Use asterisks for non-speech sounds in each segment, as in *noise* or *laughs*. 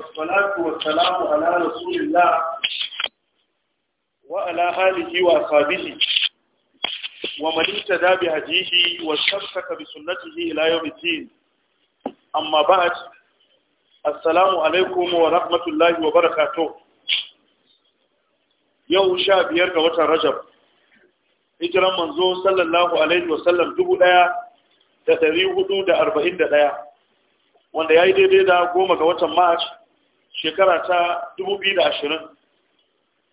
والصلاة والسلام على رسول الله وعلى آله وأصحابه ومن اهتدى بهديه Amma ba a يوم الدين alaikum بعد السلام عليكم barakato. الله وبركاته يوم ga watan رجب hijiran manzo sallallahu alaihi wasallam dubu ɗaya da ɗari hudu da arba'in da ɗaya wanda ya yi daidai da goma ga watan march shekara ta 2020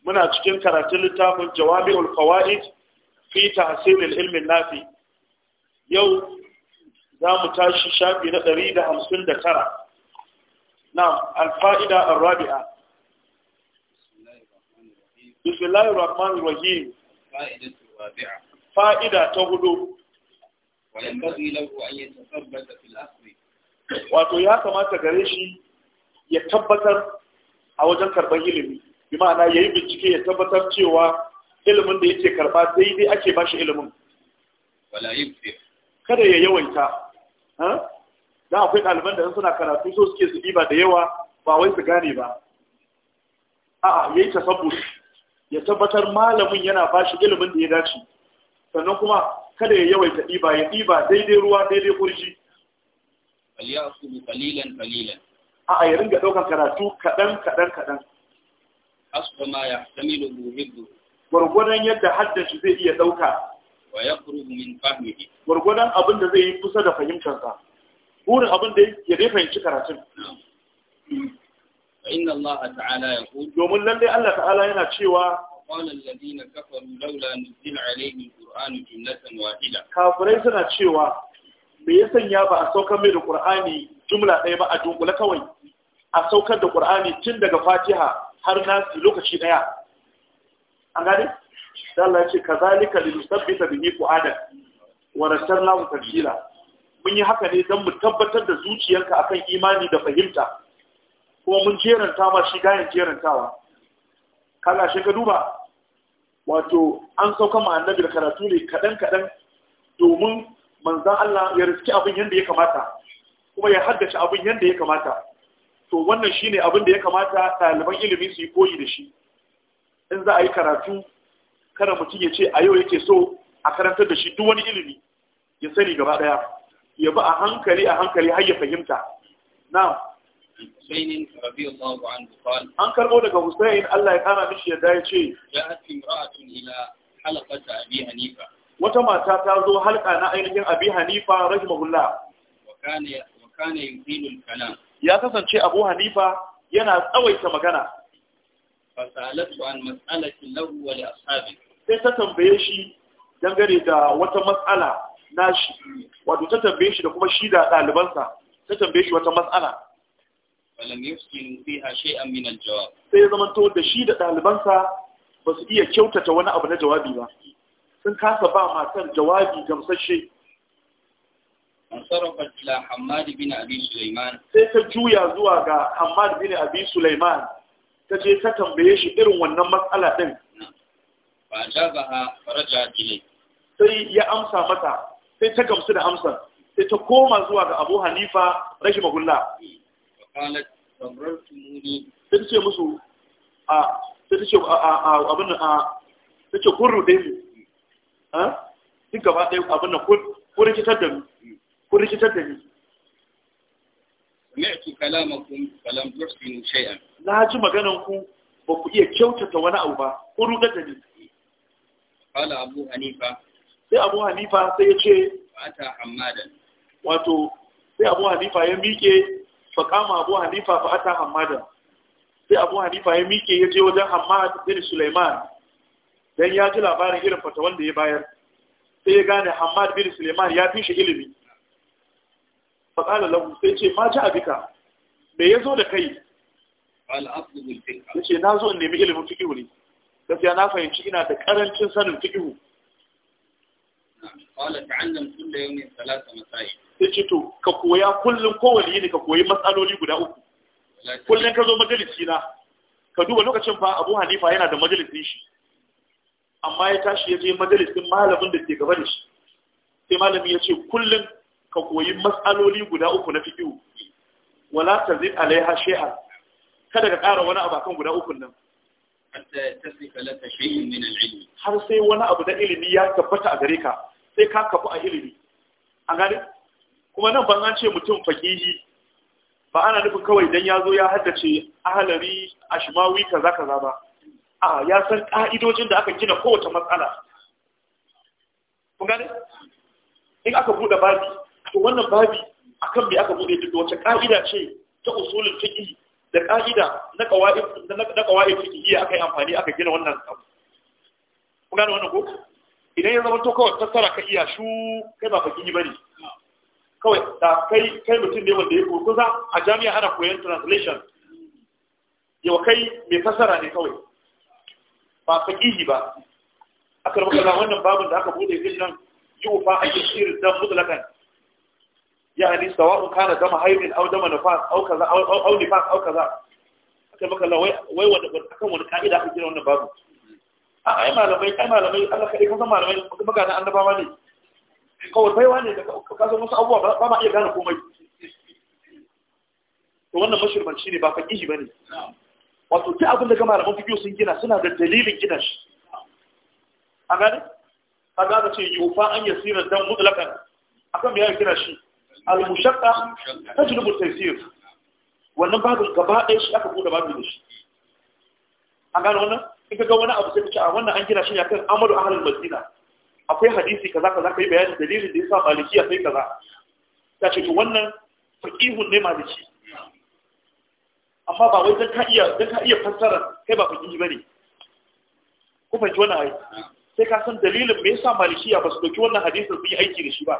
muna cikin karatun littafin jawami'ul fawaid fi tahsilil ilmin nafi yau za mu tashi shafi na 159 na alfa'ida rabi'a bismillahir rahmanir rahim fa'ida ta hudu wato ya kamata gare shi ya tabbatar a wajen karɓar ilimi bi ma'ana ya yi bincike ya tabbatar cewa ilimin da yake karɓa daidai ake ba shi ilimin kada ya yawaita don akwai ɗaliban da suna karatu so suke su ɗiba da yawa ba wai su gane ba a'a ya yi tasabbus ya tabbatar malamin yana ba shi ilimin da ya dace sannan kuma kada ya yawaita ɗiba ya ɗiba daidai ruwa daidai kurji kalilan kalilan a a ringa ɗaukar karatu kaɗan kaɗan kaɗan asba ya tamilu muhibbu gwargwadon yadda haddashi zai iya ɗauka wa yaqrubu min fahmihi gwargwadon abin da zai yi kusa da fahimtarsa burin abin da ya dai fahimci karatun fa inna Allah ta'ala yaqul domin lalle Allah ta'ala yana cewa qala alladhina kafaru laula nuzila alayhi alquran jumlatan wahida kafirai suna cewa me ya sanya ba a saukar mai da qur'ani jumla ɗaya ba a dunkule kawai a saukar da ƙur'ani tun daga fatiha har nasi lokaci ɗaya an gane da ce ka zalika da musabbita da ku adam wa rasar lahu mun yi haka ne don mu tabbatar da zuciyarka akan imani da fahimta kuma mun jeranta ma shi gayan jerantawa kaga shi ka duba wato an sauka ma annabi da karatu ne kaɗan kaɗan domin manzan Allah ya riski abin yadda ya kamata kuma ya haddace abin yadda ya kamata to wannan ne abin da ya kamata ɗaliban ilimi su yi koyi da shi in za a yi karatu kada mutum ya ce a yau yake so a karantar da shi duk wani ilimi ya sani gaba ɗaya ya bi a hankali a hankali har ya fahimta na'am Husainin radiyallahu anhu qala an karɓo daga Husain Allah ya ƙara mishi yadda ya ce ja'at imra'atun ila halaqati Abi Hanifa wata mata ta zo halka na ainihin Abi Hanifa rahimahullah wa kana kalam ya kasance abu hanifa yana tsawaita magana sai ta tambaye shi dangane da wata matsala na shi, wato ta tambaye shi da kuma shi da ɗalibansa ta tambaye shi wata matsala sai ya zamanto da shi da ɗalibansa ba su iya kyautata wani abu na jawabi ba sun kasa ba matar jawabi gamsashe sarrafa ila Hamad bin Abi Sulaiman sai ta juya zuwa ga Hamad bin Abi Sulaiman ta je ta tambaye shi irin wannan matsala din ba ta ba ha faraja ile sai ya amsa mata sai ta gamsu da amsar sai ta koma zuwa ga Abu Hanifa rahimahullah qalat sabrartumuni sai ta ce musu a sai ta ce a abin a ta ce kun rude mu mm. ha duk gaba ɗaya abin nan kun rikitar da mu mm. kun rikitar da ni sami'tu kalamakum falam tuhsinu shay'an na ji maganarku ba ku iya kyautata wani abu ba kun rugar da ni qala abu hanifa sai abu hanifa sai ya ce ata hamadan wato sai abu hanifa ya miƙe faƙama abu hanifa fa ata hamadan sai abu hanifa ya miƙe ya je wajen hamad bin suleiman dan ya ji labarin irin fata wanda ya bayar sai ya gane hamad bin suleiman ya fi shi ilimi faƙala lagu sai ce ma ji abika ya zo da kai ya ce na zo in nemi ilimin fikihu ne gaskiya na fahimci ina da ƙarancin sanin fikihu sai ce to ka koya kullum kowane ne ka koyi matsaloli guda uku kullum ka zo majalisi na ka duba lokacin fa abu hanifa yana da majalisi shi amma ya tashi ya je majalisin malamin da ke gaba da shi sai malami ya ce kullum ka koyi matsaloli guda uku na fiqh wala zai alaiha shay'an kada ka ƙara wani abakan guda uku nan har sai wani abu da ilimi ya tabbata a gare ka sai ka kafu a ilimi an gane kuma nan ban ce mutum fakihi ba ana nufin kawai dan ya zo ya haddace ahalari ashmawi kaza kaza ba a ya san ka'idojin da aka gina kowace matsala kun gane in aka buɗe babi to wannan babi akan me aka bude duk wacce ka'ida ce ta usulul fiqh da ka'ida na qawaid na qawaid aka yi amfani aka gina wannan abu kuma da wannan ko idan ya zama to kawai tattara ka iya shu kai ba fakihi bane kawai da kai kai mutum ne wanda ya kurkuza a jami'a ana koyon translation yau kai mai fassara ne kawai ba fakihi ba a karbaka wannan babin da aka bude din nan yi a yi shirin dan mutlakan Yani, سواء kana dama حيض او دم نفاس او كذا او او, أو نفاس او maka la wai wai akan wani ka'ida aka gina wannan babu a ai malamai ai malamai Allah kai kan malamai kuma ga annaba annabawa ne kawai baiwa ne da ka san musu abubuwa ba ma iya gane komai to wannan mashirmanci ne ba fa kishi bane wato ta abin da ga su biyo sun gina suna da dalilin gina shi a gane kaga ka ce yufa an yasira dan mutlaqan akan me ya kira shi al-mushaqqa tajlibu at-tafsir wannan babu gaba ɗaya shi aka bude babu da shi an gano wannan in ga wani abu sai ka ce a wannan an gina shi ne akan amalu ahlul madina akwai hadisi kaza kaza kai bayani dalilin da yasa malikiya sai kaza ta ce to wannan faqihun ne maliki amma ba wai dan ka iya dan ka iya fassara kai ba faqihi bane fa ji wannan ai sai ka san dalilin me yasa malikiya ba su doki wannan hadisin su yi aiki da shi ba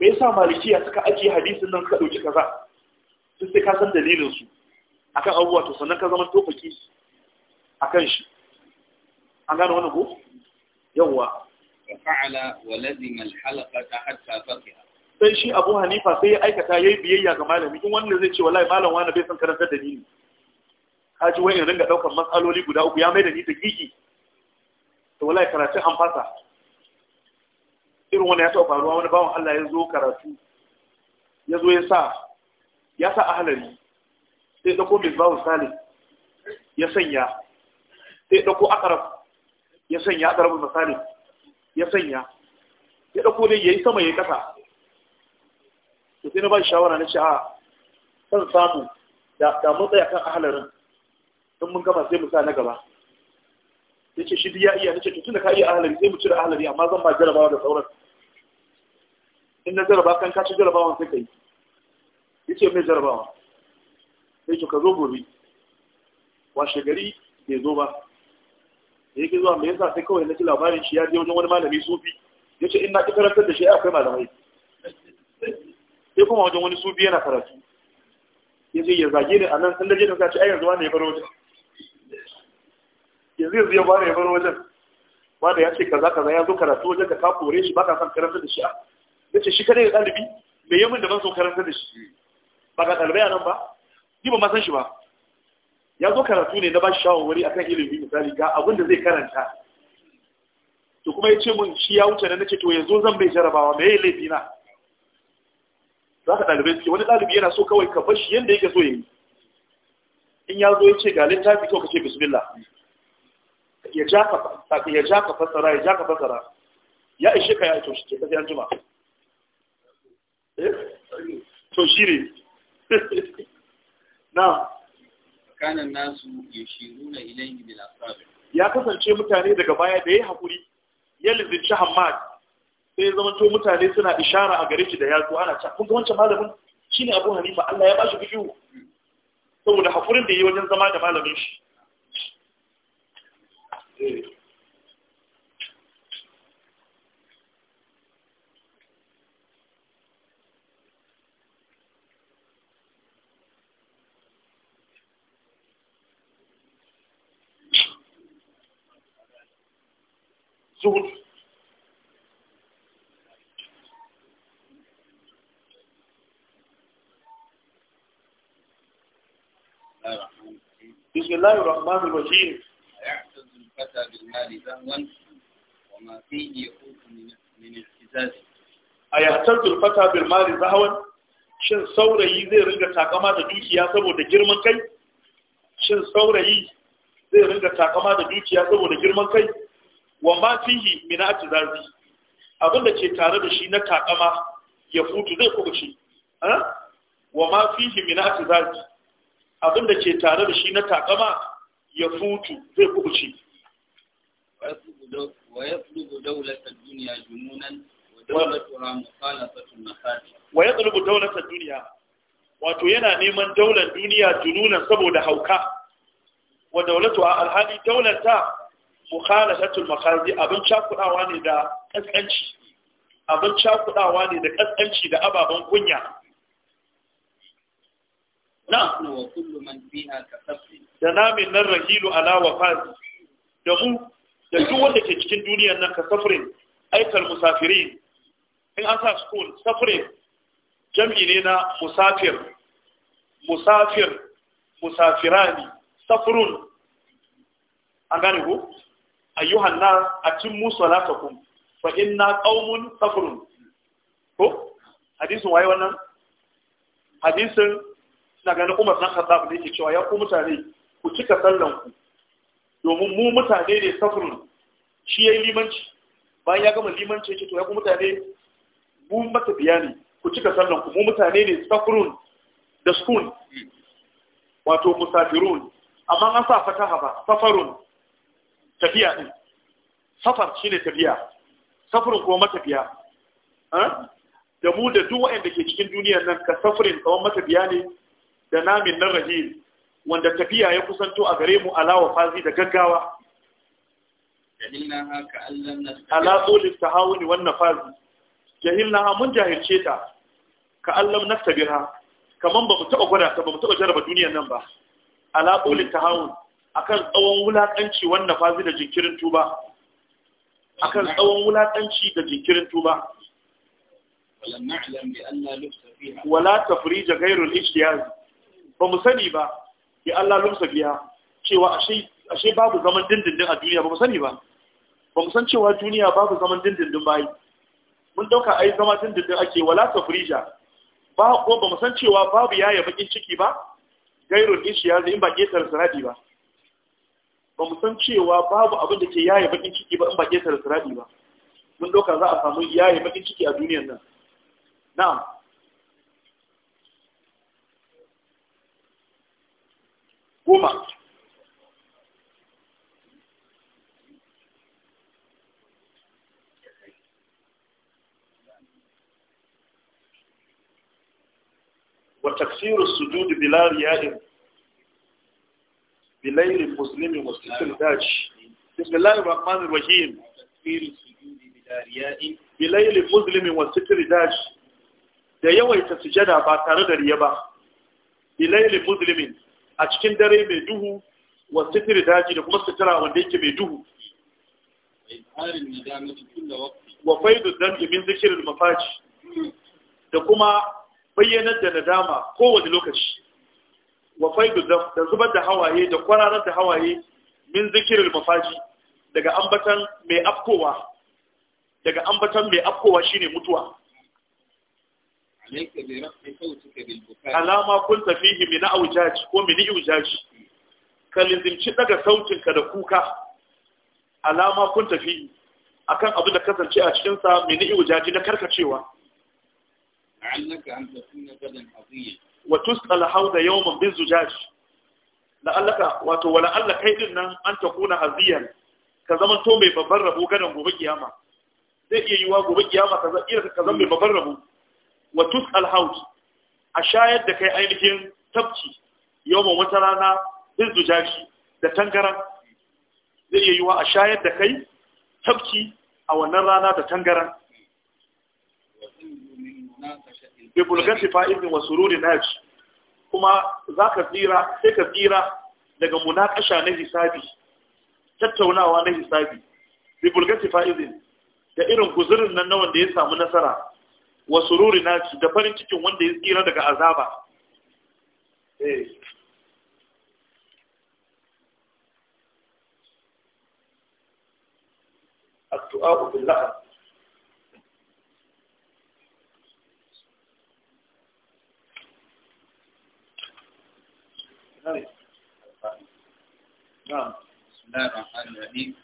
me yasa malikiya suka ajiye hadisin nan suka dauki kaza duk sai ka san dalilin su akan abubuwa to sannan ka zama tofaki akan shi an gano wannan ko yawwa fa'ala wa lazima al-halaqata hatta faqiha sai shi Abu Hanifa sai ya aikata yayi biyayya ga malami kin wanda zai ce wallahi malam wani bai san karanta da ni ka ji wani ringa daukar matsaloli guda uku ya mai da ni da gigi to wallahi karatun an fasa irin wani ya taɓa faruwa wani bawan Allah ya zo karatu ya zo ya sa ya sa ahalari sai ya ɗauko wa salim ya sanya sai ya ɗauko akarab ya sanya mai misali ya sanya ya ɗauko dai ya yi sama ya yi ƙasa to sai na ba shawara na ce a san samu da mun tsaya kan ahalarin in mun gama sai mu sa na gaba ce shi ya iya nace to tunda ka iya ahalari sai mu cire ahalari amma zan ba jarabawa da sauran in na jaraba kan ka ci jarabawa sai kai yace mai jarabawa sai to ka zo gobe washe gari bai zo ba da yake zuwa mai yasa sai kawai na ji labarin shi ya je wajen wani malami sufi ya ce ina karantar da shi kai malamai sai kuma wajen wani sufi yana karatu ya ce ya zage ni a nan sun da je da sa ce ai yanzu wani ya bar wajen yanzu yanzu ya da ya bar wajen da ya ce kaza kaza ya zo karatu wajen da ka kore shi ba ka son karanta da shi a ce, shi kadai ga dalibi me yamin da ban so karanta da shi ba ka dalibai a nan ba ni ba ma san shi ba ya zo karatu ne na ba shi shawarwari akan ilimi misali ga abin da zai karanta to kuma ya ce mun shi ya wuce na nace to yanzu zan bai jarabawa me yi laifi na za ka dalibai suke wani dalibi yana so kawai ka bar shi yanda yake so yi in ya zo ya ce ga littafi kawai ka ce bismillah ya ja ka ya ja ka fasara ya ja ka fasara ya ishe ka ya ito shi ce sai juma eh? to shi ne *laughs* na kanan nasu yashiruna ilayhi bil asab ya kasance mutane daga baya da ya hakuri ya lizinci hamad sai zama to mutane suna ishara a gare shi da yatsu ana cewa kun ga wancan malamin ne Abu Hanifa Allah ya ba shi biyu saboda haƙurin da yi wajen zama da malamin shi zuhud بسم الله الرحمن الرحيم الفتى بالمال زهوا وما فيه يكون shin saurayi zai ringa takama da dukiya saboda girman kai shin saurayi zai ringa takama da dukiya saboda girman kai wa ma fihi min atzazi abin da ke tare da shi na takama ya futu zai kubuce wa ma fihi min atzazi abin da ke tare da shi na takama ya futu zai kubuce دو ويطلب دولة الدنيا جنونا ودولتها مخالفة المخالف ويطلب دولة الدنيا wato yana neman daular duniya jununan saboda hauka wa daulatu a alhali daular ta mukhalafatul makazi abin cakudawa ne da kaskanci abin cakudawa ne da kaskanci da ababen kunya na da namin nan rahilu ala wafazi da mu da duk wanda ke cikin duniyar nan ka safirin aikar musafiri in an sa school safirin jam'i ne na musafir musafir musafirani safirun an gane ku ayyuhan nas atimmu salatakum fa na qaumun safirun ko hadisun waye wannan hadisun na ganin Umar nan Khattab ne ke cewa ya ku mutane ku cika sallan ku domin mu mutane ne safirin shi ya yi limanci bayan ya gama limanci ya ce to ya ku mutane mu mata biya ne ku cika sallan ku mu mutane ne safirin da sukun wato musafirun amma an sa fata ba safarun tafiya din safar shine tafiya safirin kuma matafiya eh? da mu da duk waɗanda ke cikin duniyar nan ka safarin tsawon matafiya ne da namin na rahil wanda tafiya ya kusanto a gare mu alawa fazi da gaggawa ala tsolin ta hawuni wannan fazi jahilna mun jahilce ta ka allam na tabira kamar ba mu taɓa gwada ta ba mu taɓa jaraba duniyan nan ba ala tsolin ta hawuni akan tsawon wulaƙanci wannan fazi da jinkirin tuba akan tsawon wulaƙanci da jinkirin tuba wala ta da gairul ishtiyaz ba mu sani ba ya Allah lumsa biya cewa ashe ashe babu zaman dindindin a duniya ba mu sani ba ba mu san cewa duniya babu zaman dindindin ba mun dauka ai zama dindindin ake wala furija ba ko ba mu san cewa babu yaya bakin ciki ba gairul ya in ba getar sanadi ba ba mu san cewa babu abin da ke yaya bakin ciki ba in ba getar sanadi ba mun dauka za a samu yaya bakin ciki a duniyar nan na'am Kuma wa tafsiru sujudi bila riya'in bilayli muslimin wasu sitil daji bismillahir rahmanir rahim tafsiru sujudi bila riya'in bilayli muslimin wa daji da yawaita sujada ba tare da riya ba bilayli muslimin a cikin dare mai duhu wa sitiri daji da kuma sitira wanda yake mai duhu wa faidu dan min dhikr al-mafaji da kuma bayyanar da nadama kowane lokaci wa faidu da zubar da hawaye da kwararar da hawaye min zikirin al-mafaji daga ambatan mai afkowa daga ambatan mai afkowa shine mutuwa alayka kun rafi sautika bil bukai min awjaji ko min iwjaji ka lizimci daga sautinka da kuka alama kunta fihi akan abin da kasance a cikin sa min iwjaji na karkacewa annaka an sunna gadan aziyya wa tusqal hauda yawman la zujaji la'allaka wato wala Allah kai din nan an kuna aziyan ka zama to mai babban rabo gadan gobe kiyama zai iya yiwa gobe kiyama ka zama mai babban rabo wa tus haus a shayar da kai ainihin tabci yawon wata rana din jashi da tangaran zai iya yiwa a shayar da kai tabci a wannan rana da tangaran bi bulgati fa'idin wa sururi naji kuma za ka tsira sai ka tsira daga munakasha na hisabi tattaunawa na hisabi bi bulgati fa'idin da irin guzurin nan na wanda ya samu nasara Wasururu na ki? Da farin cikin wanda ya tsira daga azaba.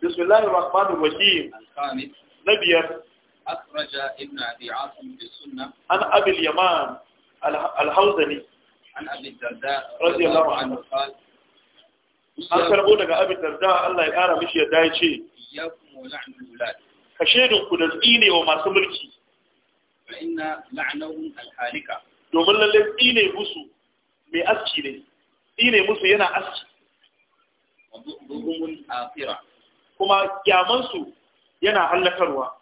Bisku yana da mafannin wajen na biyar. أخرج ابن أبي عاصم بالسنة عن أبي اليمان الحوزني عن أبي الدرداء رضي الله عنه قال an karbo daga abin darda Allah ya kara mishi yadda ya ce ka shaidun ku da tsine wa masu mulki domin lalle tsine musu mai aski ne tsine musu yana aski kuma kyamansu yana hallakarwa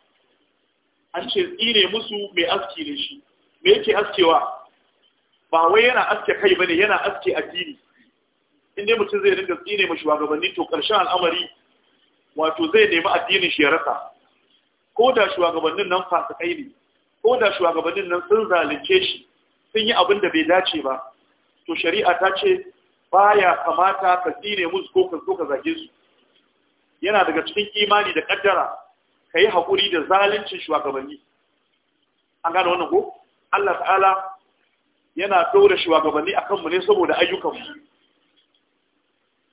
an ce tsire musu mai aski ne shi me yake askewa ba wai yana aske kai bane yana aske addini in dai mutum zai dinga tsine ma shugabanni to karshen al'amari wato zai nemi addinin shi ya rasa ko da shugabannin nan fasikai ne ko da shugabannin nan sun zalunce shi sun yi abin da bai dace ba to shari'a ta ce baya kamata ka tsine musu ko ka zo ka zage su yana daga cikin imani da kaddara ka yi haƙuri da zalincin shugabanni an gane wannan ko Allah ta'ala yana ɗora shugabanni a kanmu ne saboda ayyukanmu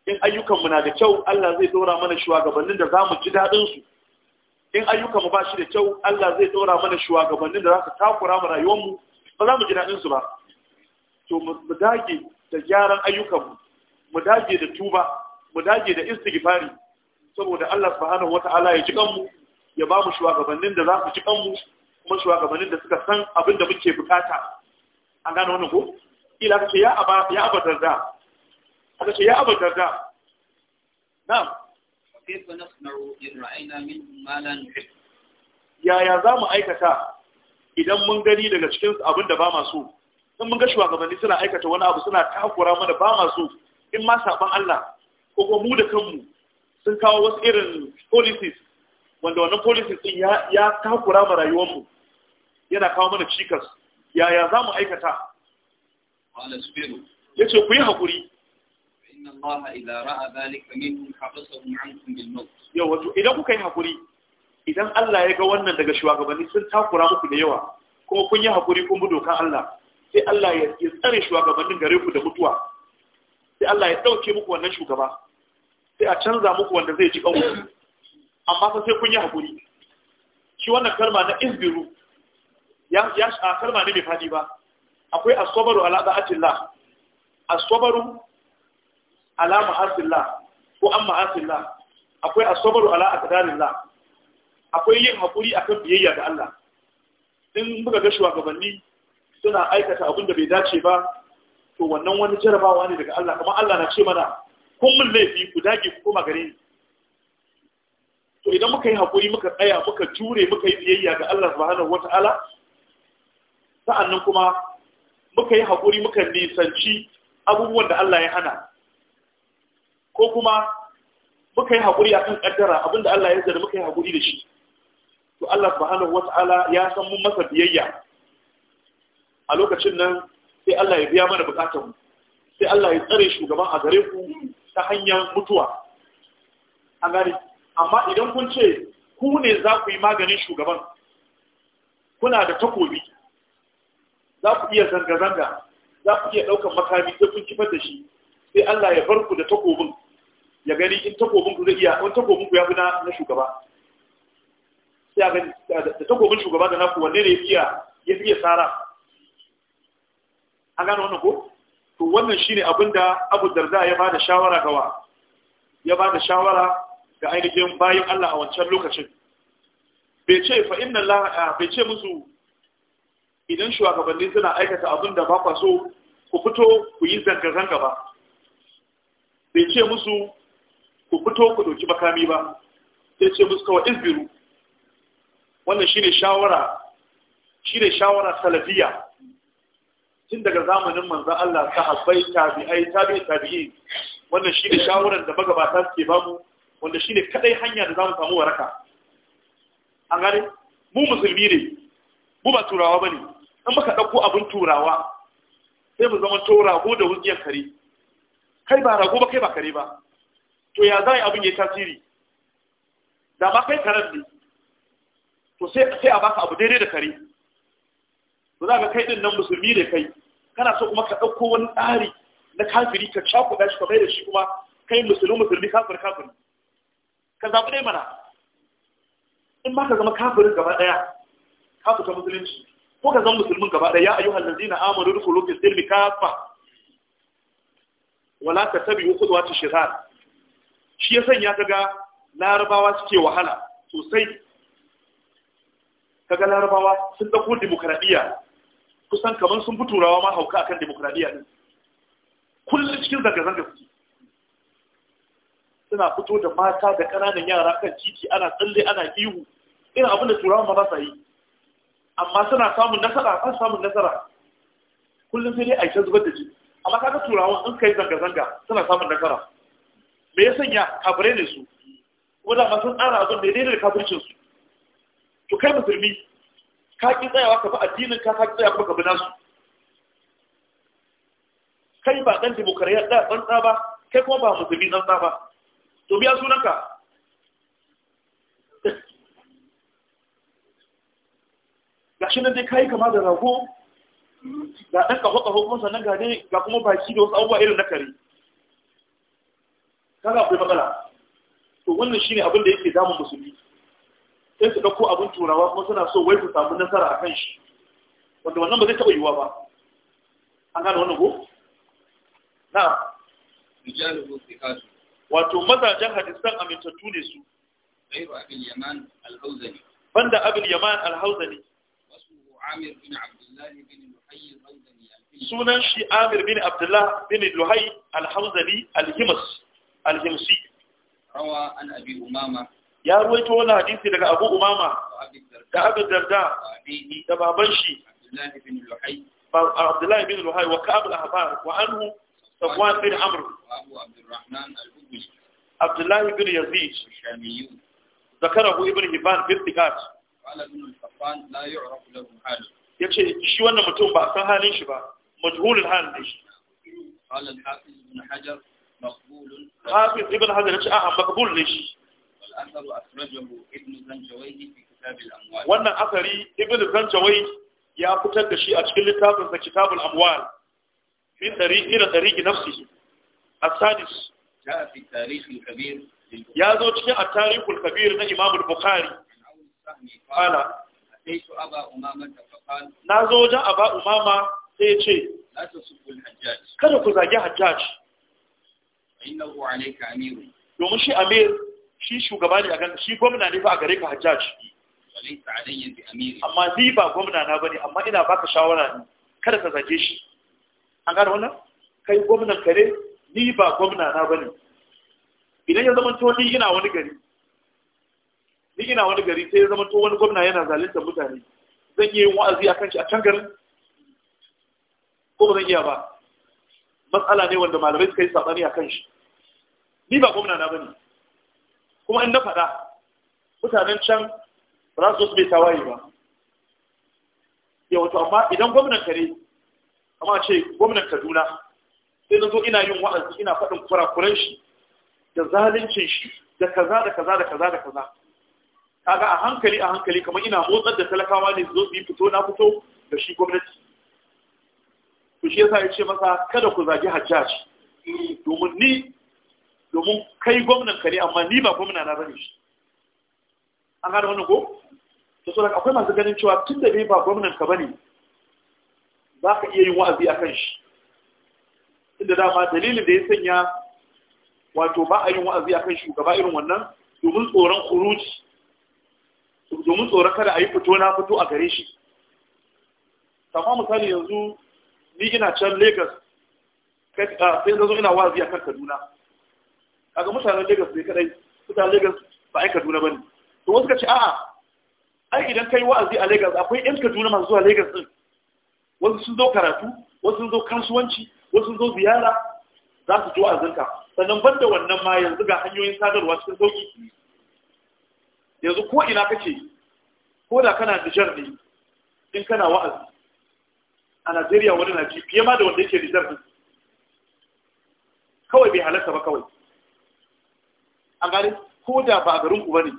in ayyukanmu na da kyau Allah zai ɗora mana shugabannin da za mu ji daɗinsu in ayyukanmu ba shi da kyau Allah zai ɗora mana shugabannin da za su takura mu rayuwarmu ba za mu ji daɗinsu ba to mu dage da gyaran ayyukanmu mu dage da tuba mu dage da istighfari saboda Allah subhanahu wata'ala ya ji kanmu ya ba mu shugabannin da za su ji kanmu kuma shugabannin da suka san abin da muke bukata an gane wannan ko ila ka ce ya aba ya aba darda aka ce ya aba darda na'am kaifa in ra'ayna minhum ma la yaya za mu aikata idan mun gani daga cikin abin da ba ma so in mun ga shugabanni suna aikata wani abu suna takura mana ba ma in ma saban Allah ko kuma mu da kanmu sun kawo wasu irin policies wanda wannan policies din ya ya takura ma rayuwarmu yana kawo mana cikas yaya za mu aikata ya ce ku yi haƙuri yau wato idan kuka yi hakuri? idan Allah ya ga wannan daga shugabanni sun takura muku da yawa ko kun yi hakuri kun bi dokar Allah sai Allah ya tsare shugabannin gare ku da mutuwa sai Allah ya ɗauke muku wannan shugaba sai a canza muku wanda zai ji ƙaunar amma fa sai kun yi hakuri shi wannan kalma na izbiru ya ya kalma ne mai fadi ba akwai asbaru a ala da'atillah asbaru ala ma'atillah ko amma asillah akwai asbaru ala aqdarillah akwai yin hakuri akan biyayya ga Allah in muka ga shugabanni suna aikata abin da bai dace ba to wannan wani jarabawa ne daga Allah kuma Allah na ce mana kun mun laifi ku dage ku koma gare ni to idan muka yi haƙuri muka tsaya muka jure muka yi biyayya ga Allah subhanahu wata'ala sa'annan kuma muka yi haƙuri muka nisanci abubuwan da Allah ya hana ko kuma muka yi haƙuri akan kaddara da Allah ya zara muka yi haƙuri da shi to Allah subhanahu wata'ala ya san mun masa biyayya a lokacin nan sai Allah ya biya mana bukatunmu sai Allah ya tsare shugaban a gare ku ta hanyar mutuwa an gane amma idan kun ce ku ne za ku yi maganin shugaban kuna da takobi za ku iya zanga-zanga za ku iya ɗaukar makami sai kun kifar da shi sai Allah ya bar ku da takobin ya gani in takobin ku zai iya wani takobin ku ya fi na shugaba sai a gani da takobin shugaba da naku wanne ne ya fi iya tsara an gano wannan ko to wannan shine abin da Abu Darda ya ba da shawara gawa ya ba da shawara ga ainihin bayan Allah a wancan lokacin bai ce fa inna Allah bai ce musu idan shugabanni suna aikata abin da ba kwa so ku fito ku yi zanga-zanga ba bai ce musu ku fito ku ɗauki makami ba sai ce musu kawai izbiru wannan shine shawara ne shawara salafiya tun daga zamanin manzan Allah sahabbai tabi'ai tabi'i tabi'i wannan shine shawarar da magabata suke bamu wanda shine kadai hanya da zamu samu waraka an gane mu musulmi ne mu ba turawa bane in baka dauko abin turawa sai mu zama to da wuziyar kare kai ba rago ba kai ba kare ba to ya zai abin ya tasiri da ba kai karen ne to sai sai a baka abu daidai da kare to za ka kai din nan musulmi ne kai kana so kuma ka dauko wani tsari na kafiri ka cakuɗa shi ka mai da shi kuma kai musulmi musulmi kafir kafir? ka zaɓi ɗaya mana in ba ka zama kafirin gaba ɗaya ka ta musulunci ko ka zama musulmin gaba ɗaya ya ayyuhal lazina amanu dukulu fi silmi kafa wala ta tabi khudwati shaitan shi ya sanya kaga larabawa suke wahala sosai kaga larabawa sun dauko demokradiya kusan kaman sun fi turawa ma hauka akan demokradiya ɗin kullum cikin zanga-zanga suke suna fito da mata da ƙananan yara kan titi ana tsalle ana ihu irin abin da ma ba sa yi amma suna samun nasara an samun nasara kullum sai dai a ta zubar da ji amma kaga turawan in kai zanga-zanga suna samun nasara me ya sanya kafirai ne su wanda ma sun tsara abin da daidai da kafircin su to kai musulmi ka ki tsayawa ka bi addinin ka ka ki tsayawa ka bi nasu kai ba dan demokradiyya da tsantsa ba kai kuma ba musulmi tsantsa ba to biya sunanka gashi nan dai kayi kama da rago ga ɗan ƙaho-ƙaho kuma sannan ga dai ga kuma baki da wasu abubuwa irin na kare kaga akwai matsala to wannan shine abin da yake damun musulmi sai su ɗauko abin turawa kuma suna so wai su samu nasara a kan shi wanda wannan ba zai taɓa yiwuwa ba an gane wannan ko na rijalu sikatu wato mazajen hadisan amintattu ne su Banda abin اليمان الحوزني Sunan shi Amir bin Abdullahi bin Luhai عبد الله ya ruwaito wani hadisi daga Abu Umama da Abu Darda da baban shi Abdullahi bin Luhai wa Ka'ab al-Ahbar wa anhu Safwan bin Amr عبد الله بن يزيد الشامي ذكره ابن هبان بالثقات قال ابن الحفان لا يعرف له حال يجي شي وانا متوم بقى سهالين شبا مجهول الحال ليش قال الحافظ ابن حجر مقبول حافظ ابن حجر يجي اه مقبول ليش والاثر اخرجه ابن زنجويه في كتاب الاموال وانا اثري ابن زنجويه يا فتر دشي اشكل لتابع كتاب الاموال من طريق الى طريق نفسه السادس جاء في cikin التاريخ الكبير na Imamul البخاري قال اتيت ابا امامه فقال نازو sai ya ce kada ku zage hajjaj domin shi amir shi shugaba a kan shi gwamna ba a gare ka hajjaj amma ni ba gwamna na bane amma ina baka shawara ne kada ka zage shi an gane wannan kai gwamnan kare ni ba gwamna na ne. idan ya zama to ni ina wani gari ni ina wani gari sai ya zama to wani gwamna yana zalunta mutane zan yi wa'azi a kan shi a can garin ko ba zan iya ba matsala ne wanda malamai suka yi sabani kan shi ni ba gwamna na ne. kuma in na faɗa mutanen can ba za su bai tawaye ba ya wato amma idan gwamnan kare amma ce gwamnan kaduna sai na zo ina yin wa'azi ina faɗin kurakuran shi da zaluncin shi da kaza da kaza da kaza da kaza kaga a hankali a hankali kamar ina motsar da talakawa ne zo su fito na fito da shi gwamnati to shi yasa ya ce masa kada ku zagi hajjaj domin ni domin kai gwamnan ka ne amma ni ba gwamna na bane shi an gane wannan ko to so akwai masu ganin cewa tun da bai ba gwamnan ka bane za ka iya yin wa'azi a kan shi inda dama dalilin da ya sanya wato ba a yin wa'azi akan shugaba irin wannan domin tsoron kuruci domin tsoron kada a yi fito na fito a gare shi kama misali yanzu ni ina can lagos ah, sai zazo ina wa'azi akan kaduna kaga mutanen lagos ne kadai mutanen lagos ba ai kaduna ba ne to wasu ka ce a'a ai idan kai wa'azi a lagos akwai yan kaduna masu zuwa lagos din wasu sun zo karatu wasu sun zo kasuwanci wasu zo ziyara za su ji wa'azinka sannan ban da wannan ma yanzu ga hanyoyin sadarwa cikin sauki yanzu ko ina kake ko da kana Nijar ne in kana wa'azi a Najeriya wani na ji fiye ma da wanda yake Nijar din. kawai bai halarta ba kawai an gane ko da ba a garin ku ba ne,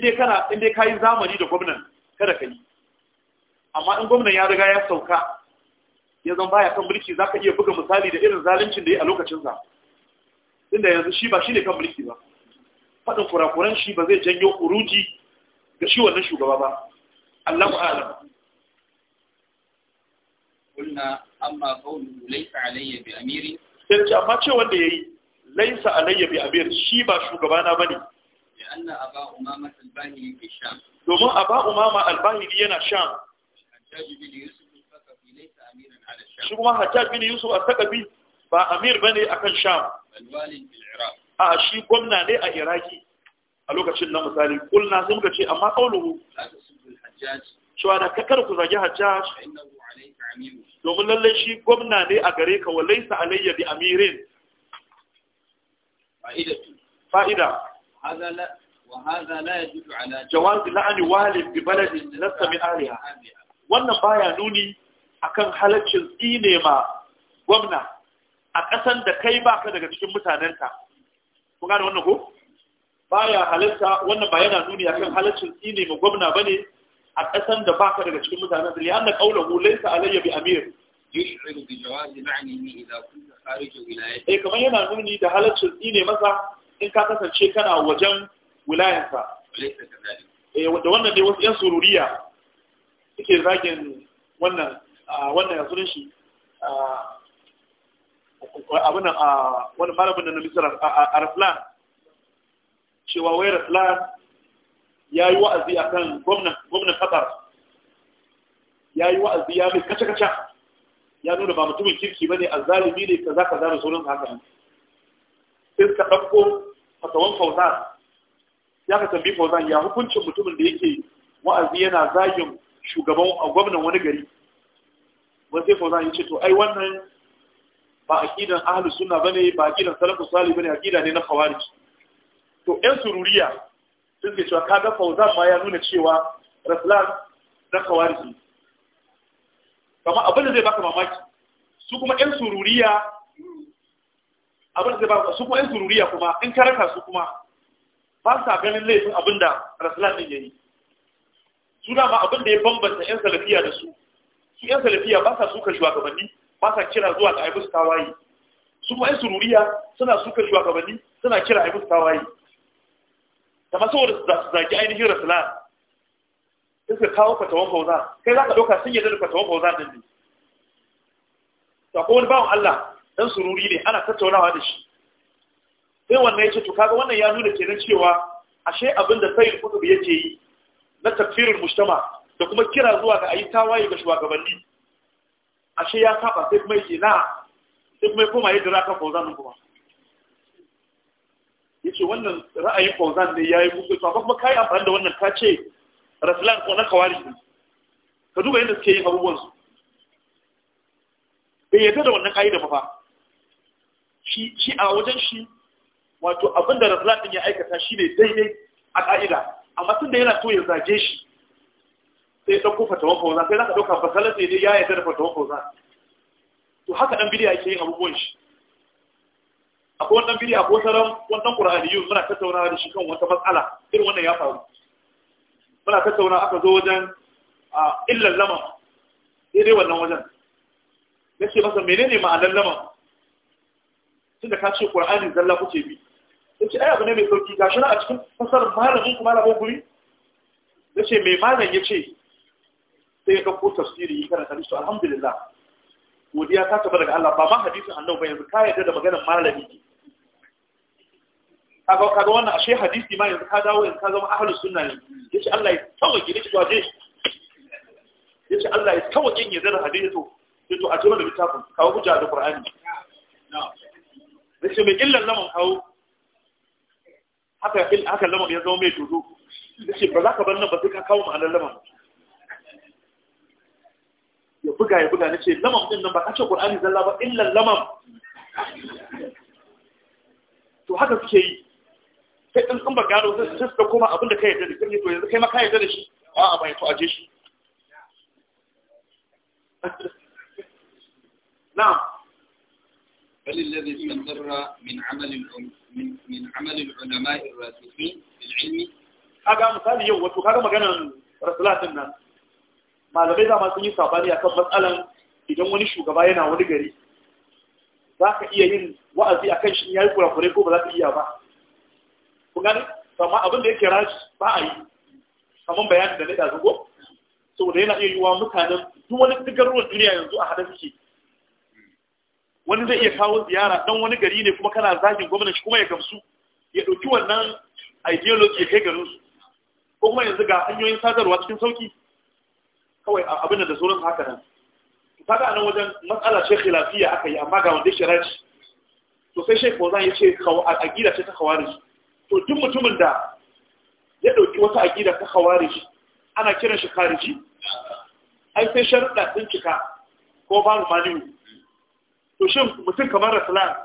dai kana in dai kayi zamani da gwamnan kada ka yi amma in gwamnan ya riga ya sauka ya zan baya kan mulki zaka iya buga misali da irin zaluncin da ya a lokacin sa inda yanzu shi ba shi ne kan mulki ba faɗin kurakuran shi ba zai janyo uruji ga shi wannan shugaba ba Allahu a'lam kulna amma qawlu laysa alayya bi amiri sai ce amma ce wanda yayi laysa alayya bi amir shi ba shugaba na bane لأن أبا أمامة الباهلي في الشام. domin aba umama albahili yana شام. الحجاج بن يوسف shi kuma hajjaj bin yusuf al-saqafi ba amir bane akan sham a shi gwamna ne a iraki a lokacin na misali kulna sun muka ce amma qauluhu cewa da kakar ku zagi hajjaj domin lallai shi gwamna ne a gare ka wa laisa alayya bi amirin fa'ida وهذا لا يدل على جواز لعن والد ببلد لست من اهلها wannan baya nuni akan halaccin tsine ma gwamna a ƙasan da kai baka daga cikin mutanenta kun gane wannan ko baya halatta wannan ba yana nuni akan halaccin tsine ma gwamna bane a ƙasan da baka daga cikin mutanen da kaula mu laysa alayya bi amir yush'iru bi eh kamar yana nuni da halaccin tsine masa in ka kasance kana wajen wilayansa eh da wannan ne wasu yan sururiya suke zagin wannan wannan ya sunan shi a wani malamin da na misira a raflan cewa wai raflan ya yi wa'azi a kan gwamnan qatar ya yi wa'azi ya mai kaca-kaca ya nuna ba mutumin kirki ba ne a zalimi ne ka za ka zara sauran haka sai ka ɗauko fatawan fauzan ya ka tambi fauzan ya hukuncin mutumin da yake wa'azi yana zagin shugaban gwamnan wani gari wasu fauza ya ce to ai wannan ba a kidan ahalus suna ba ne, aqidan salafus salih bane ba ne na khawarij to 'yan sururiya sun ce cewa kaga fauza ma ya nuna cewa raslan na khawarij kamar abin da zai baka mamaki su kuma 'yan sururiya abin da zai baka su kuma 'yan sururiya kuma in karaka su kuma ba sa ganin laifin abin da raslan din yayi su dama abin da ya bambanta 'yan salafiya da su su yan salafiya ba sa suka shugabanni ba sa kira zuwa ga aibus tawaye su kuma yan sururiya suna suka shugabanni suna kira aibus tawaye kamar saboda su zaki ainihin rasulan suka kawo fatawan fauzan kai za ka ɗauka sun yadda da fatawan fauzan ɗin ne to ko wani bawan Allah dan sururi ne ana tattaunawa da shi sai wannan ya ce to kaga wannan ya nuna kenan cewa ashe abin da sayyid kutub yake yi na tafsirul mujtama da kuma kira zuwa ga ayi tawaye ga shugabanni ashe ya saba sai kuma yake na sai kuma kuma yadda raka fauzan kuma yace wannan ra'ayin fauzan ne yayi musu to kuma kai amfani da wannan kace ce raslan ko na kawari ka duba yadda suke yin abubuwan su bai yadda da wannan da fa shi shi a wajen shi wato abinda raslan din ya aikata shi ne daidai a ka'ida amma da yana so ya zage shi sai ya ɗauko fatawan fauzan sai za ka ɗauka fasalar sai dai ya yi da fatawan fauzan to haka ɗan bidiya ke yin abubuwan shi akwai wannan bidiya ko sauran wannan ƙur'aniyun muna tattaunawa da shi kan wata matsala irin wannan ya faru muna tattauna aka zo wajen a illan lama daidai wannan wajen ya ce masa menene ma'anar lama tunda ka ce ƙur'ani zalla kuke bi ya ce ai abu ne mai sauki gashi na a cikin fasar malamin kuma malamin guri ya ce mai malam ya ce sai ya ɗauko tafsiri ya karanta shi alhamdulillah godiya ta tafi daga Allah ba ma hadisin annabi ba yanzu ka da maganar malami ne ka ga wannan ashe hadisi ma yanzu ka dawo yanzu ka zama ahlus sunna ne yace Allah ya tawaki ne waje yace Allah ya tawaki ne da hadisi to to a cikin littafin kawo hujja da Qur'ani yace mai illan lamun kawo haka haka lamun ya zama mai dodo yace ba za ka bar nan ba sai ka kawo ma'anar lamun ya buga ya buga na ce lamam din nan ba ka ce ƙur'ani zalla ba illan lamam to haka suke yi sai ɗin in ba gano zai su da koma abin da ka yarda da kai to yanzu kai ma ka yarda da shi a a bai to aje shi *laughs* na'am بل الذي استقر من عمل من من عمل العلماء الراسخين في العلم هذا مثال يوم وتكرم مجانا رسلات الناس malamai dama sun yi sabani kan matsalan idan wani shugaba yana wani gari za ka iya yin wa'azi a kan shi ya yi kurakure ko ba za ka iya ba kun gani amma abin da yake raji ba a yi kamar bayanin da na da zugo saboda yana iya yiwuwa mutanen duk wani ruwan duniya yanzu a hada suke wani zai iya kawo ziyara dan wani gari ne kuma kana zagin gwamnati shi kuma ya gamsu ya ɗauki wannan ideology ya kai garinsu ko kuma yanzu ga hanyoyin sadarwa cikin sauki kawai abin da sauran haka nan kaga anan wajen matsala ce khilafiya aka yi amma ga wanda shari'a to sai shek zan yace ce aqida ce ta khawarij to duk mutumin da ya dauki wata aqida ta khawarij ana kiran shi khariji ai sai sharuda din cika ko ba mu malimu to shin mutum kamar rasulullah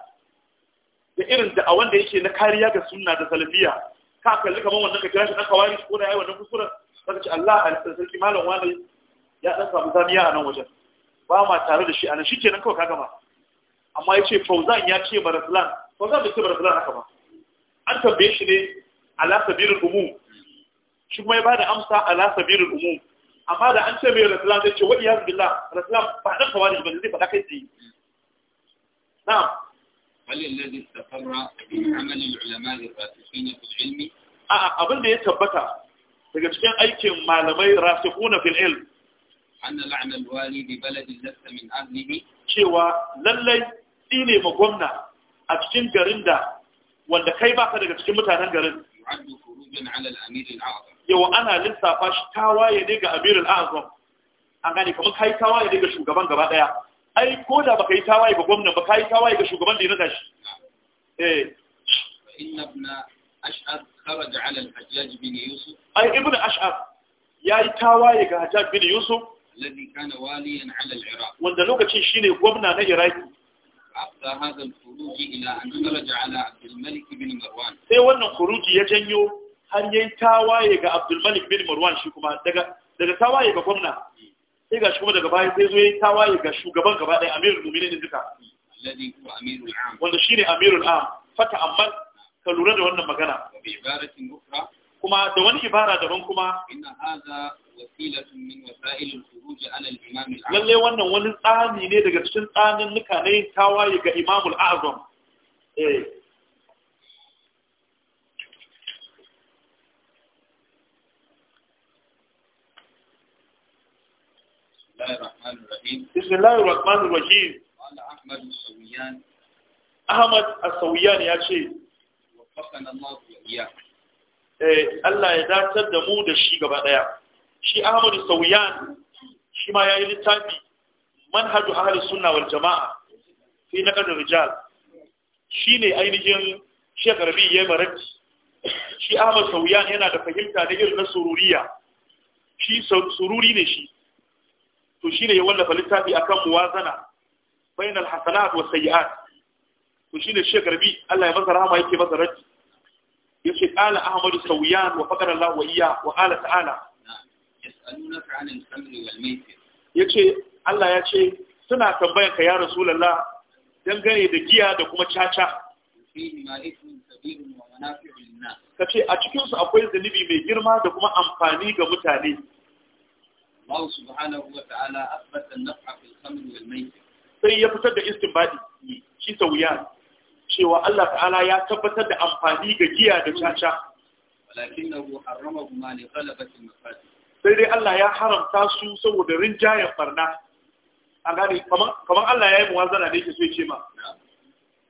da irin da a wanda yake na kariya ga sunna da salafiya ka kalli kamar wannan ka kira shi dan khawarij ko da ai wannan kusuran zaka ce Allah a sarki malam wani ya dan samu zamiya a nan wajen ba ma tare da shi a nan shi kenan kawai ka gama amma ya ce fauzan ya ce baraslan fauzan bai ce baraslan haka ba an tambaye shi ne ala sabirin umu. shi kuma ya ba da amsa ala sabirin umu. amma da an ce mai rasulam zai ce wa iya billah rasulam ba dan kawai ba zai faɗa kai tsaye na'am هل الذي استقر بعمل العلماء الراسخين في العلم؟ آه أبدا يتبتع. تقول شيء أيكم معلمي راسخون في العلم. أن لعن الوالي ببلد لست من أهله cewa lallai tsine ma gwamna a cikin garin da wanda kai baka daga cikin mutanen garin yawa ana lissafa shi tawaye ne ga amir al'azam an gane kamar kai tawaye ne ga shugaban gaba daya ai ko da baka yi tawaye ga gwamna ba kai tawaye ga shugaban da ya naga shi eh inna ibn ash'ab kharaja ala al-hajjaj bin yusuf ai ibn ya yi tawaye ga hajjaj bin yusuf الذي كان واليا على العراق وان لوكاشين شيني غوبنا نا عراقي after هذا الخروج الى ان على عبد الملك بن مروان sai wannan khuruji ya janyo har yayin tawaye ga Abdul Malik bin Marwan shi kuma daga daga gwamna sai gashi kuma daga baya sai zo yayin shugaban gaba Amirul Mu'minin duka alladhi huwa Amirul Am wanda fata amma ka lura da wannan magana kuma da wani ibara daban kuma inna hadha wasilatun min khuruj 'ala lalle wannan wani tsani ne daga cikin tsanin nuka ne tawaye ga imam al-a'zam eh بسم الله الرحمن الرحيم قال السويان احمد السويان يا شيخ وفقنا الله Eh, Allah ya datar da mu da shi gaba ɗaya shi Ahmadu Sauyan shi ma yayi littafi manhaju ahli sunna wal jama'a fi naqd rijal shine ainihin Sheikh Rabi ya marati shi Ahmadu Sauyan yana da fahimta da irin na sururiya shi sururi ne shi to shine ya wallafa littafi akan muwazana bainal hasanat was sayi'at to shine Sheikh Rabi Allah ya masa rahama yake masa raddi yace qala ahmadu sawiyan wa faqara Allah wa iya wa qala ta'ala yas'alunaka 'anil khamri wal maisir yace Allah ya ce suna tambayan ka ya rasulullah dangane da giya da kuma caca kace a cikinsu akwai zunubi mai girma da kuma amfani ga mutane Allah subhanahu wa ta'ala athbata an-naf'a fil khamri sai ya fitar da istinbadi shi sawiyan cewa Allah ta'ala ya tabbatar da amfani ga giya da caca sai dai Allah ya haramta su saboda rinjayen barna a gane kamar Allah ya yi muwazana ne ke so ce ma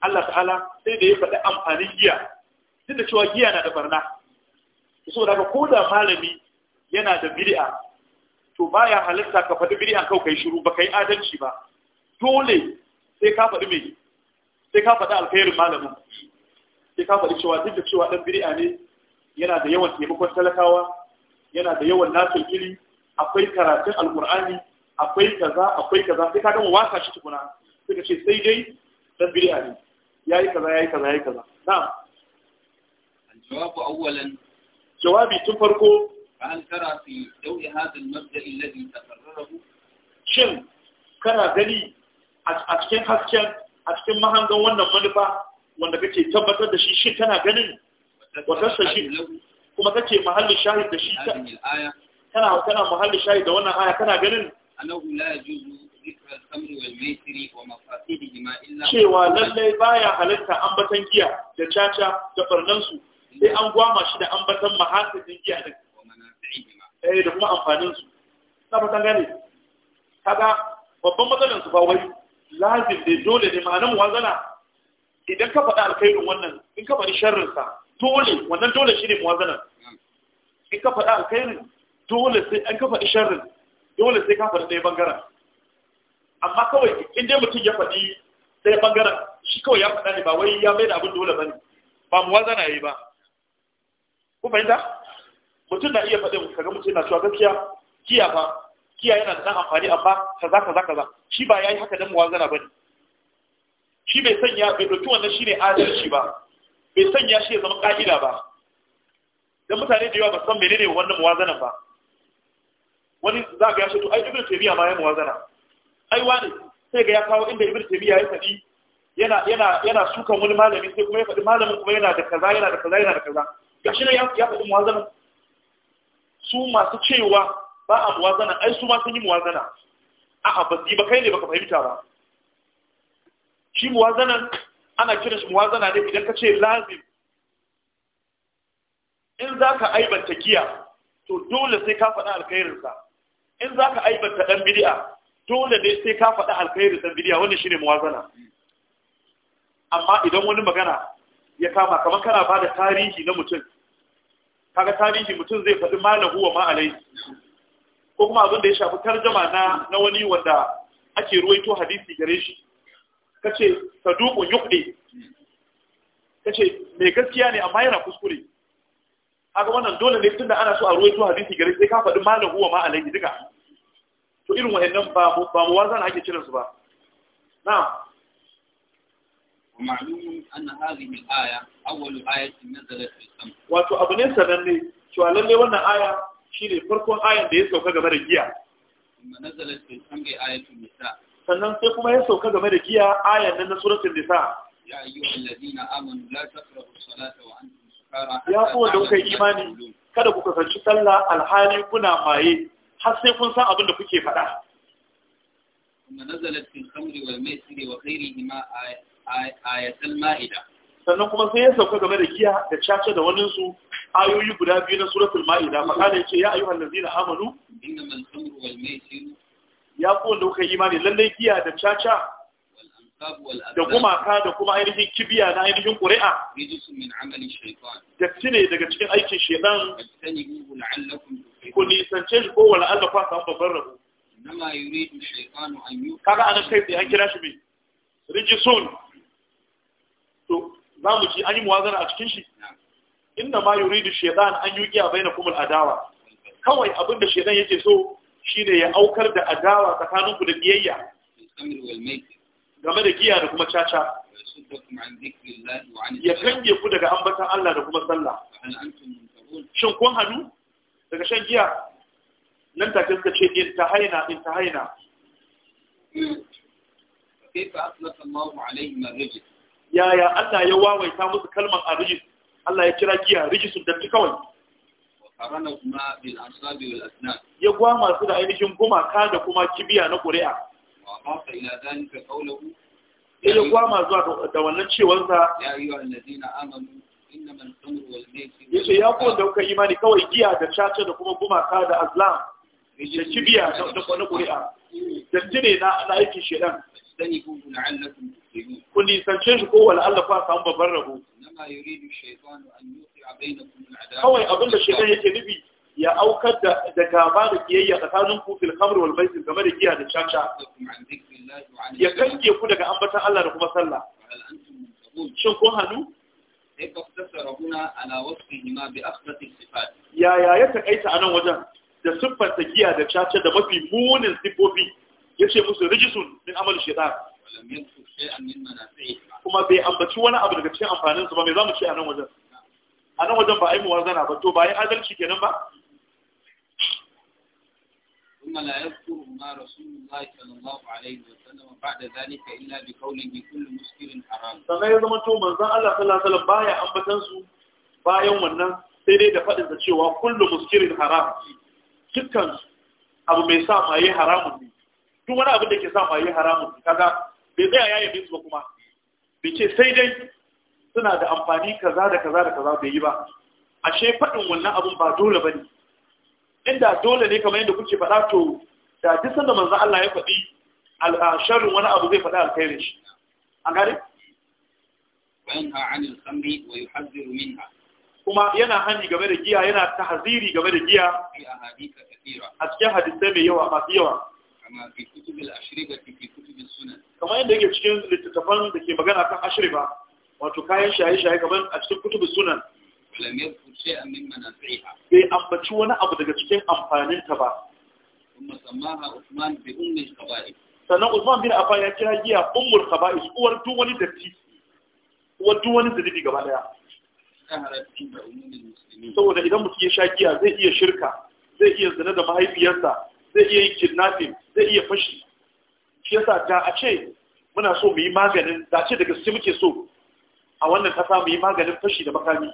Allah ta'ala sai da ya faɗi amfanin giya duk da cewa giya na da barna saboda haka ko da malami yana da bir'a to baya halitta ka faɗi bid'a kawai kai shiru ba yi adalci ba dole sai ka faɗi mai sai ka faɗi alkhairin malamin sai ka faɗi cewa duk da cewa ɗan biri'a ne yana da yawan taimakon talakawa yana da yawan nasu ili akwai karatun alkur'ani akwai kaza akwai kaza sai ka gama wasa shi tukuna sai ka ce sai dai ɗan biri'a ne ya yi kaza ya yi kaza ya yi kaza na'am jawabu awwalan jawabi tun farko hal tara fi shin kana gani a cikin hasken a cikin mahangan wannan manufa wanda kake tabbatar da shi shi tana ganin wasassa shi kuma kake mahallin shahid da shi tana tana mahallin shahid da wannan aya kana ganin annahu la yajuzu dhikra al wal wa mafasidihima illa cewa lallai baya halitta ambatan giya da caca da farnansu, su sai an gwama shi da ambatan mahasidin giya da eh da kuma amfanin su na fatan gane kaga babban matsalan su ba wai lazim da dole ne ma'anar muwazana idan ka faɗi alkhairin wannan in ka faɗi sharrinsa dole wannan dole shi ne muwazanan in ka faɗi alkhairin dole sai an ka faɗi sharrin dole sai ka faɗi ɗaya ɓangaren amma kawai in dai mutum ya faɗi ɗaya ɓangaren shi kawai ya faɗa ne ba wai ya mai da abin dole ba ne ba muwazana ya yi ba ku fahimta mutum na iya faɗin kaga mutum na cewa gaskiya kiya fa kiya yana da ɗan amfani amma kaza kaza kaza shi ba ya yi haka don muwazana ba ne shi bai sanya bai ɗauki wannan shi ne adalci ba bai sanya shi ya zama ƙa'ida ba don mutane da yawa ba san menene wannan muwazana ba wani za ga ya shi to ai ibn taymiya ma ya muwazana ai wani sai ga ya kawo inda ibn taymiya ya faɗi yana yana yana sukan wani malami sai kuma ya faɗi malamin kuma yana da kaza yana da kaza yana da kaza shi ne ya ya faɗi muwazana su masu cewa ba a muwazana ai su ma sun yi muwazana a'a ba ba kai ne baka fahimta ba shi muwazanan ana kira shi muwazana ne idan ka ce lazim in za ka aibanta giya to dole sai ka faɗa alkhairinsa in za ka aibanta ɗan bidiya dole ne sai ka faɗa alkhairin ɗan bidi'a wannan shine muwazana amma idan wani magana ya kama kamar kana ba da tarihi na mutum kaga tarihi mutum zai faɗi malahu wa ma'alai. ko kuma abin da ya shafi tarjama na na wani wanda ake ruwaito hadisi gare shi kace saduqun yuqdi kace mai gaskiya ne amma yana kuskure kaga wannan dole ne tunda ana so a ruwaito hadisi gare sai ka faɗi malam huwa ma alayhi duka to irin wayannan ba ba mu wazan ake kiran su ba na'am ومعلوم أن هذه الآية أول آية نزلت في السماء. وتؤمن سنني شو على اللي wannan آية shine farkon ayan da ya sauka game da giya sannan sai kuma ya sauka game da giya ayan nan na suratul nisa ya ayyuhal ladina amanu la taqrabu salata ya da kuka imani kada ku kasance sallah alhali kuna maye har sai kun san abin da kuke faɗa sannan kuma sai ya sauka game da giya da caca da waninsu ayoyi guda biyu na suratul ma'ida makala yace ya ayyuhal ladzina amanu innamal khamru wal maisir ya ku wanda kuka yi imani lallai giya da caca da gumaka da kuma ainihin kibiya na ainihin ƙuri'a datti ne daga cikin aikin shaidan ku nisance shi ko kowane allah kwa samu babban rabu kaga anan kai sai an kira shi mai rijisun to za mu ji an yi muwazana a cikin shi inda ma da shaytan an yi bai na al-adawa kawai abin da shaytan yake so shine ya aukar da adawa tsakaninku da biyayya game da giya da kuma caca ya kange ku daga ambatan Allah da kuma sallah shin kun hannu daga shan giya nan take suka ce in ta haina in ta haina yaya Allah ya wawaita musu kalmar arjis Allah ya kira giya rijisun datti kawai ya gwa masu da ainihin gumaka da kuma kibiya na ƙuri'a ya gwa masu da wannan cewarsa ya ce ya kowa dauka imani kawai giya da caca da kuma gumaka da azlam da kibiya na ƙuri'a datti ne na aikin shaidan ku nisance shi ko Allah fa samun babban rabo kawai abin da shaitan yake nufi ya aukar da gaba da kiyayya tsakanin kufin kamar khamr game da giya da caca ya kanke ku daga ambatan Allah da kuma sallah shin kun hannu ya ya ya على وصفهما بأخبث الصفات da siffar giya da caca da mafi munin siffofi ya ce musu rijisun din amal shaitan kuma bai ambaci wani abu daga cikin amfanin su ba mai zamu ce a nan wajen a nan wajen ba a yi muwazana ba to ba yi adalci kenan ba ثم لا يذكر ما رسول الله صلى الله عليه وسلم بعد ذلك الا بقوله كل muskirin haram sannan ya zama to manzon Allah sallallahu alaihi sallam baya ambatan su bayan wannan sai dai da fadin da cewa kullu muskirin haram dukkan abu mai sa yi haramun ne duk wani abu da ke sa yi haramun kaga bai tsaya ya yabe su ba kuma bai ce sai dai suna da amfani kaza da kaza da kaza bai yi ba ashe faɗin wannan abin ba dole ba ne inda dole ne kamar yadda kuke faɗa to da duk sanda manzan Allah ya faɗi al'asharin wani abu zai faɗa alkhairin shi an gane kuma yana hani game da giya yana ta haziri game da giya a cikin hadisai mai yawa masu yawa kamar yadda yake cikin littattafan da ke magana kan ashiri ba wato kayan shaye-shaye kamar a cikin kutubu sunan bai ambaci wani abu daga cikin amfaninta ba sannan usman bin Afa ya kira giya ummul khaba'is uwar duk wani datti uwar duk wani zunubi gaba daya saboda idan mutum ya sha giya zai iya shirka zai iya zina da mahaifiyarsa zai iya yin kidnapping zai iya fashi shi yasa da a ce muna so mu yi maganin da ce da gaske muke so a wannan kasa mu yi maganin fashi da makami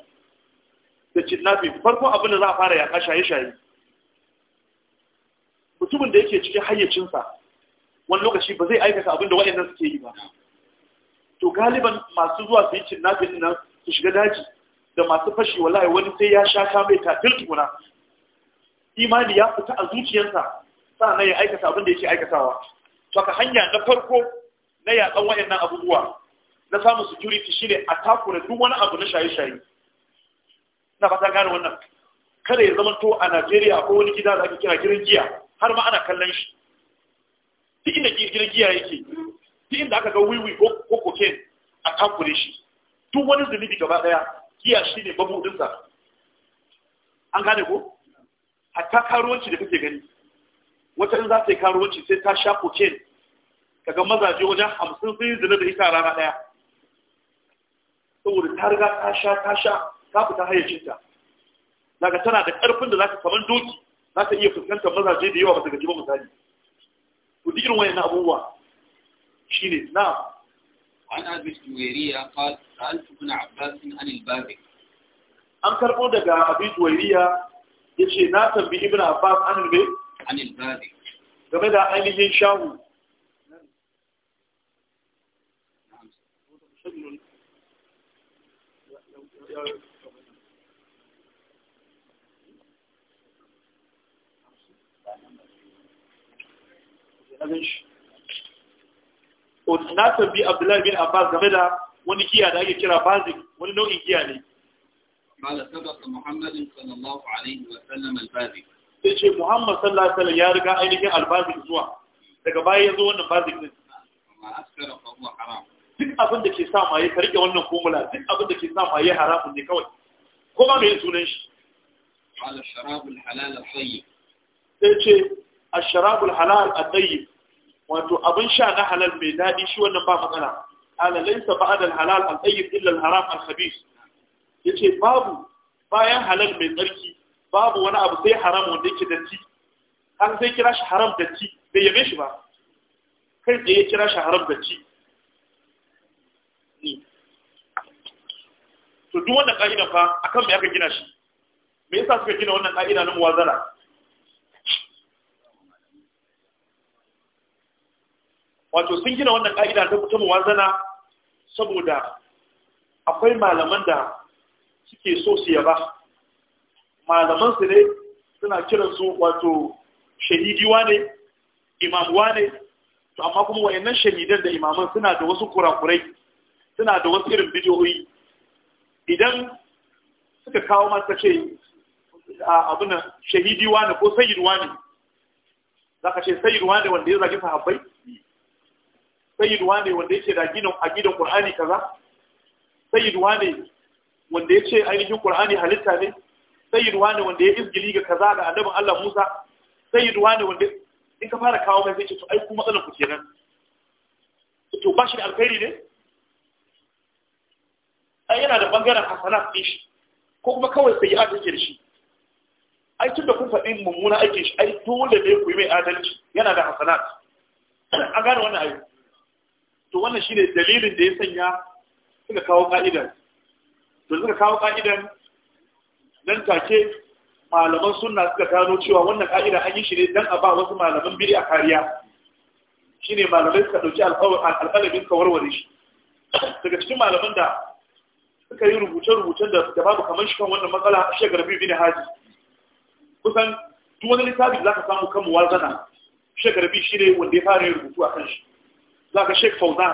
da kidnapping farko abin da za a fara yaƙa shaye-shaye mutumin da yake cikin hayyacinsa wani lokaci ba zai aikata abin da waɗannan suke yi ba to galiban masu zuwa su yi kidnapping nan su shiga daji da masu fashi wallahi wani sai ya sha ka mai tafil tukuna imani ya fita a zuciyarsa na ya aikata abin da yake aikatawa saka hanya na farko na yaƙan wayannan abubuwa na samun security shine a takura duk wani abu na shaye-shaye na fata gane wannan kada ya zama to a Najeriya akwai wani gida da ake kira gidan giya har ma ana kallon shi duk inda gidan giya yake duk inda aka ga wiwi ko cocaine a takure shi duk wani zunubi gaba daya giya shine mabudinsa an gane ko hatta karuwanci da kake gani wata in za ta yi karuwanci sai ta sha cocaine daga mazaje wajen hamsin sun yi zina da ita rana ɗaya saboda ta riga ta sha ta sha ta fita hayyacinta daga tana da ƙarfin da za ta kamar doki za ta iya fuskantar mazaje da yawa ba daga jiba misali to duk irin wayannan abubuwa shine na an abi juwairiya ya sa'altu ibn abbas an al-babi an karbo daga abi ya yace na tambayi ibn abbas an al-babi عن البادي game da ainihin shahu na tambi abdullahi bin abbas game da wani giya da ake kira bazik wani nau'in giya ne ma da sabata muhammadin sallallahu alaihi wasallam al-bazik sai ce Muhammad sallallahu alaihi wasallam ya riga ainihin albazin zuwa daga baya ya zo wannan bazin din duk abin da ke sa maye ka rike wannan komula duk abin da ke sa maye haramun ne kawai Kuma ba mai sunan shi ala sharabul halal tayyib sai ce asharabul halal tayyib wato abin sha na halal mai daɗi shi wannan ba matsala ala laysa ba'da al halal a tayyib illa al haram al Ya ce babu bayan halal mai tsarki babu wani abu sai haram wanda yake da ci har sai kira shi haram da ci bai yabe shi ba kai da ya kira shi haram da ci to duk wannan ka'ida fa akan me aka gina shi me yasa suka gina wannan ka'ida na muwazara wato sun gina wannan ka'ida ta ta muwazana saboda akwai malaman da suke so su yaba malaman su ne suna kiran su wato shahidi wane imam wane to amma kuma wayannan shahidan da imaman suna da wasu kurakurai suna da wasu irin bidiyoyi idan suka kawo masa ce abin shahidi wane ko sayyid wane za ka ce sayyid wane wanda ya zagi sahabbai sayyid wane wanda yake da gidan aqidan qur'ani kaza sayyid wane wanda yace ainihin qur'ani halitta ne sayyid wani wanda ya izgili ga kaza ga annabin Allah Musa sayyid wani wanda in ka fara kawo mai sai ce to ai ku matsalar ku kenan to ba shi da alkhairi ne ai yana da bangaren hasanat din shi ko kuma kawai sayyi'at yake da shi ai tun da kun faɗi mummuna aikin shi ai dole ne ku yi mai adalci yana da hasanat an gane wannan ayi to wannan shine dalilin da ya sanya suka kawo ka'idan to suka kawo ka'idan nan take malaman sunna suka gano cewa wannan ka'ida an yi shi ne dan a ba wasu malaman biri a kariya shine malamai suka dauki alƙalamin ka warware shi daga cikin malaman da suka yi rubuce-rubucen da babu kamar shi kan wannan matsala shi garbi bin haji kusan duk wani littafi za ka samu kan muwazana shi garbi shi ne wanda ya fara yin rubutu a kan shi za ka shek fauna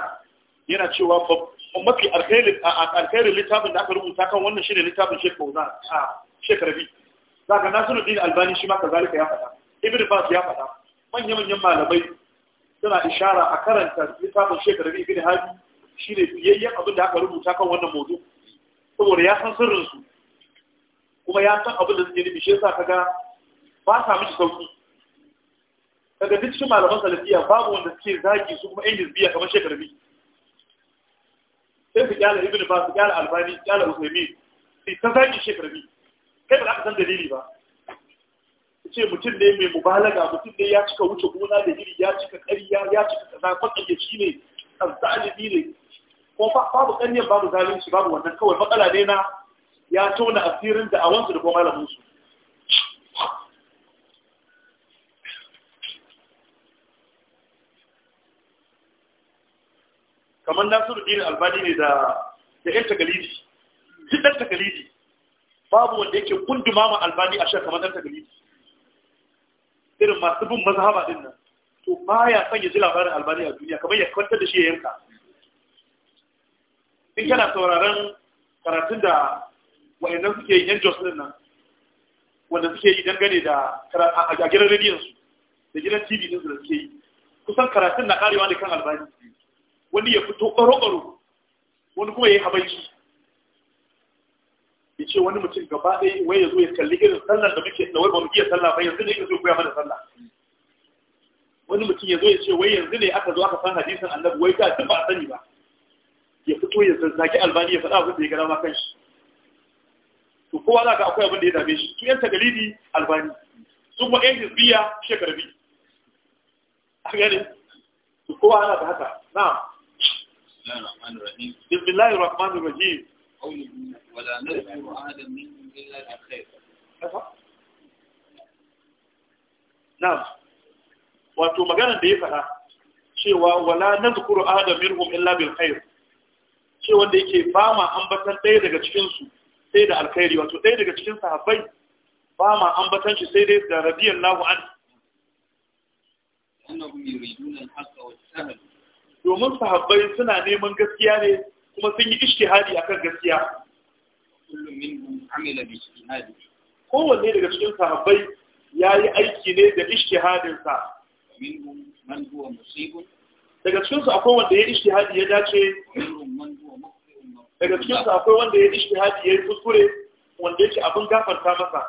yana cewa mafi alkhairin littafin da aka rubuta kan wannan shi ne littafin shekaru na a shekarabi za ka nasiruddin albani shi maka Zalika ya fata ibn bas ya fata. manya-manyan malamai suna ishara a karanta littafin bi ibn hadi shi ne biyayyen abin da aka rubuta kan wannan modu saboda ya san sirrinsu kuma ya san abin da suke nufi shi yasa kaga ba sa miki sauki kaga duk cikin malaman salafiya babu wanda suke zagi su kuma yan biya kamar biyu sai su kyala ibn ba su kyala albani su kyala usaimi sai ta zaki shekarbi kai ba za ka san dalili ba ce mutum ne mai mubalaga mutum ne ya cika wuce gona da iri ya cika ƙarya ya cika kaza kwatsayyaci ne azzalibi ne ko babu ƙanyen babu zalunci babu wannan kawai matsala ne na ya tona asirin da a wansu da kuma malamin su kamar nasiru dini albani ne da da yan tagalidi duk dan tagalidi babu wanda yake kunduma ma albani a shan kamar dan tagalidi irin masu bin mazhaba din nan to baya son ya ji labarin albani a duniya kamar ya kwantar da shi ya yanka in kana sauraron karatun da wa'annan suke yi yan jos nan wanda suke yi dangane da a gidan rediyonsu, da gidan tv din su da suke yi kusan karatun na karewa ne kan albani wani ya fito ɓaro-ɓaro wani kuma ya yi habaici ya ce wani mutum gaba ɗaya wai ya zo ya kalli irin sallar da muke da wani ba ya iya sallah ba yanzu ne ya zo koya mana sallah wani mutum ya zo ya ce wai yanzu ne aka zo aka san hadisin annabi wai ta duk ba a sani ba ya fito ya zazzaki albani ya faɗa abin da ya gara ma kan shi to kowa za ka akwai abin da ya dame shi su yan tagalidi albani su kuma yan hizbiya shekarbi a gane su kowa ana da haka na'am بسم الله الرحمن الرحيم ولا نذكر أحدا منهم نعم wato da ya faɗa cewa wala nadhkuru ahada minhum illa bil khair ce wanda yake ba ma ambatan ɗaya daga cikin sai da alkhairi wato ɗaya daga cikin sahabbai ba ma ambatan shi sai dai da radiyallahu an annahum yuriduna al-haqqa wa domin sahabbai suna neman gaskiya ne kuma sun yi ishtihadi akan gaskiya kullum gaskiya. amila bi kowanne daga cikin sahabbai yayi aiki ne da ijtihadin sa man huwa musibun daga cikin su akwai wanda ya hadi ya dace daga cikin su akwai wanda ya hadi ya kuskure wanda yake abin gafarta masa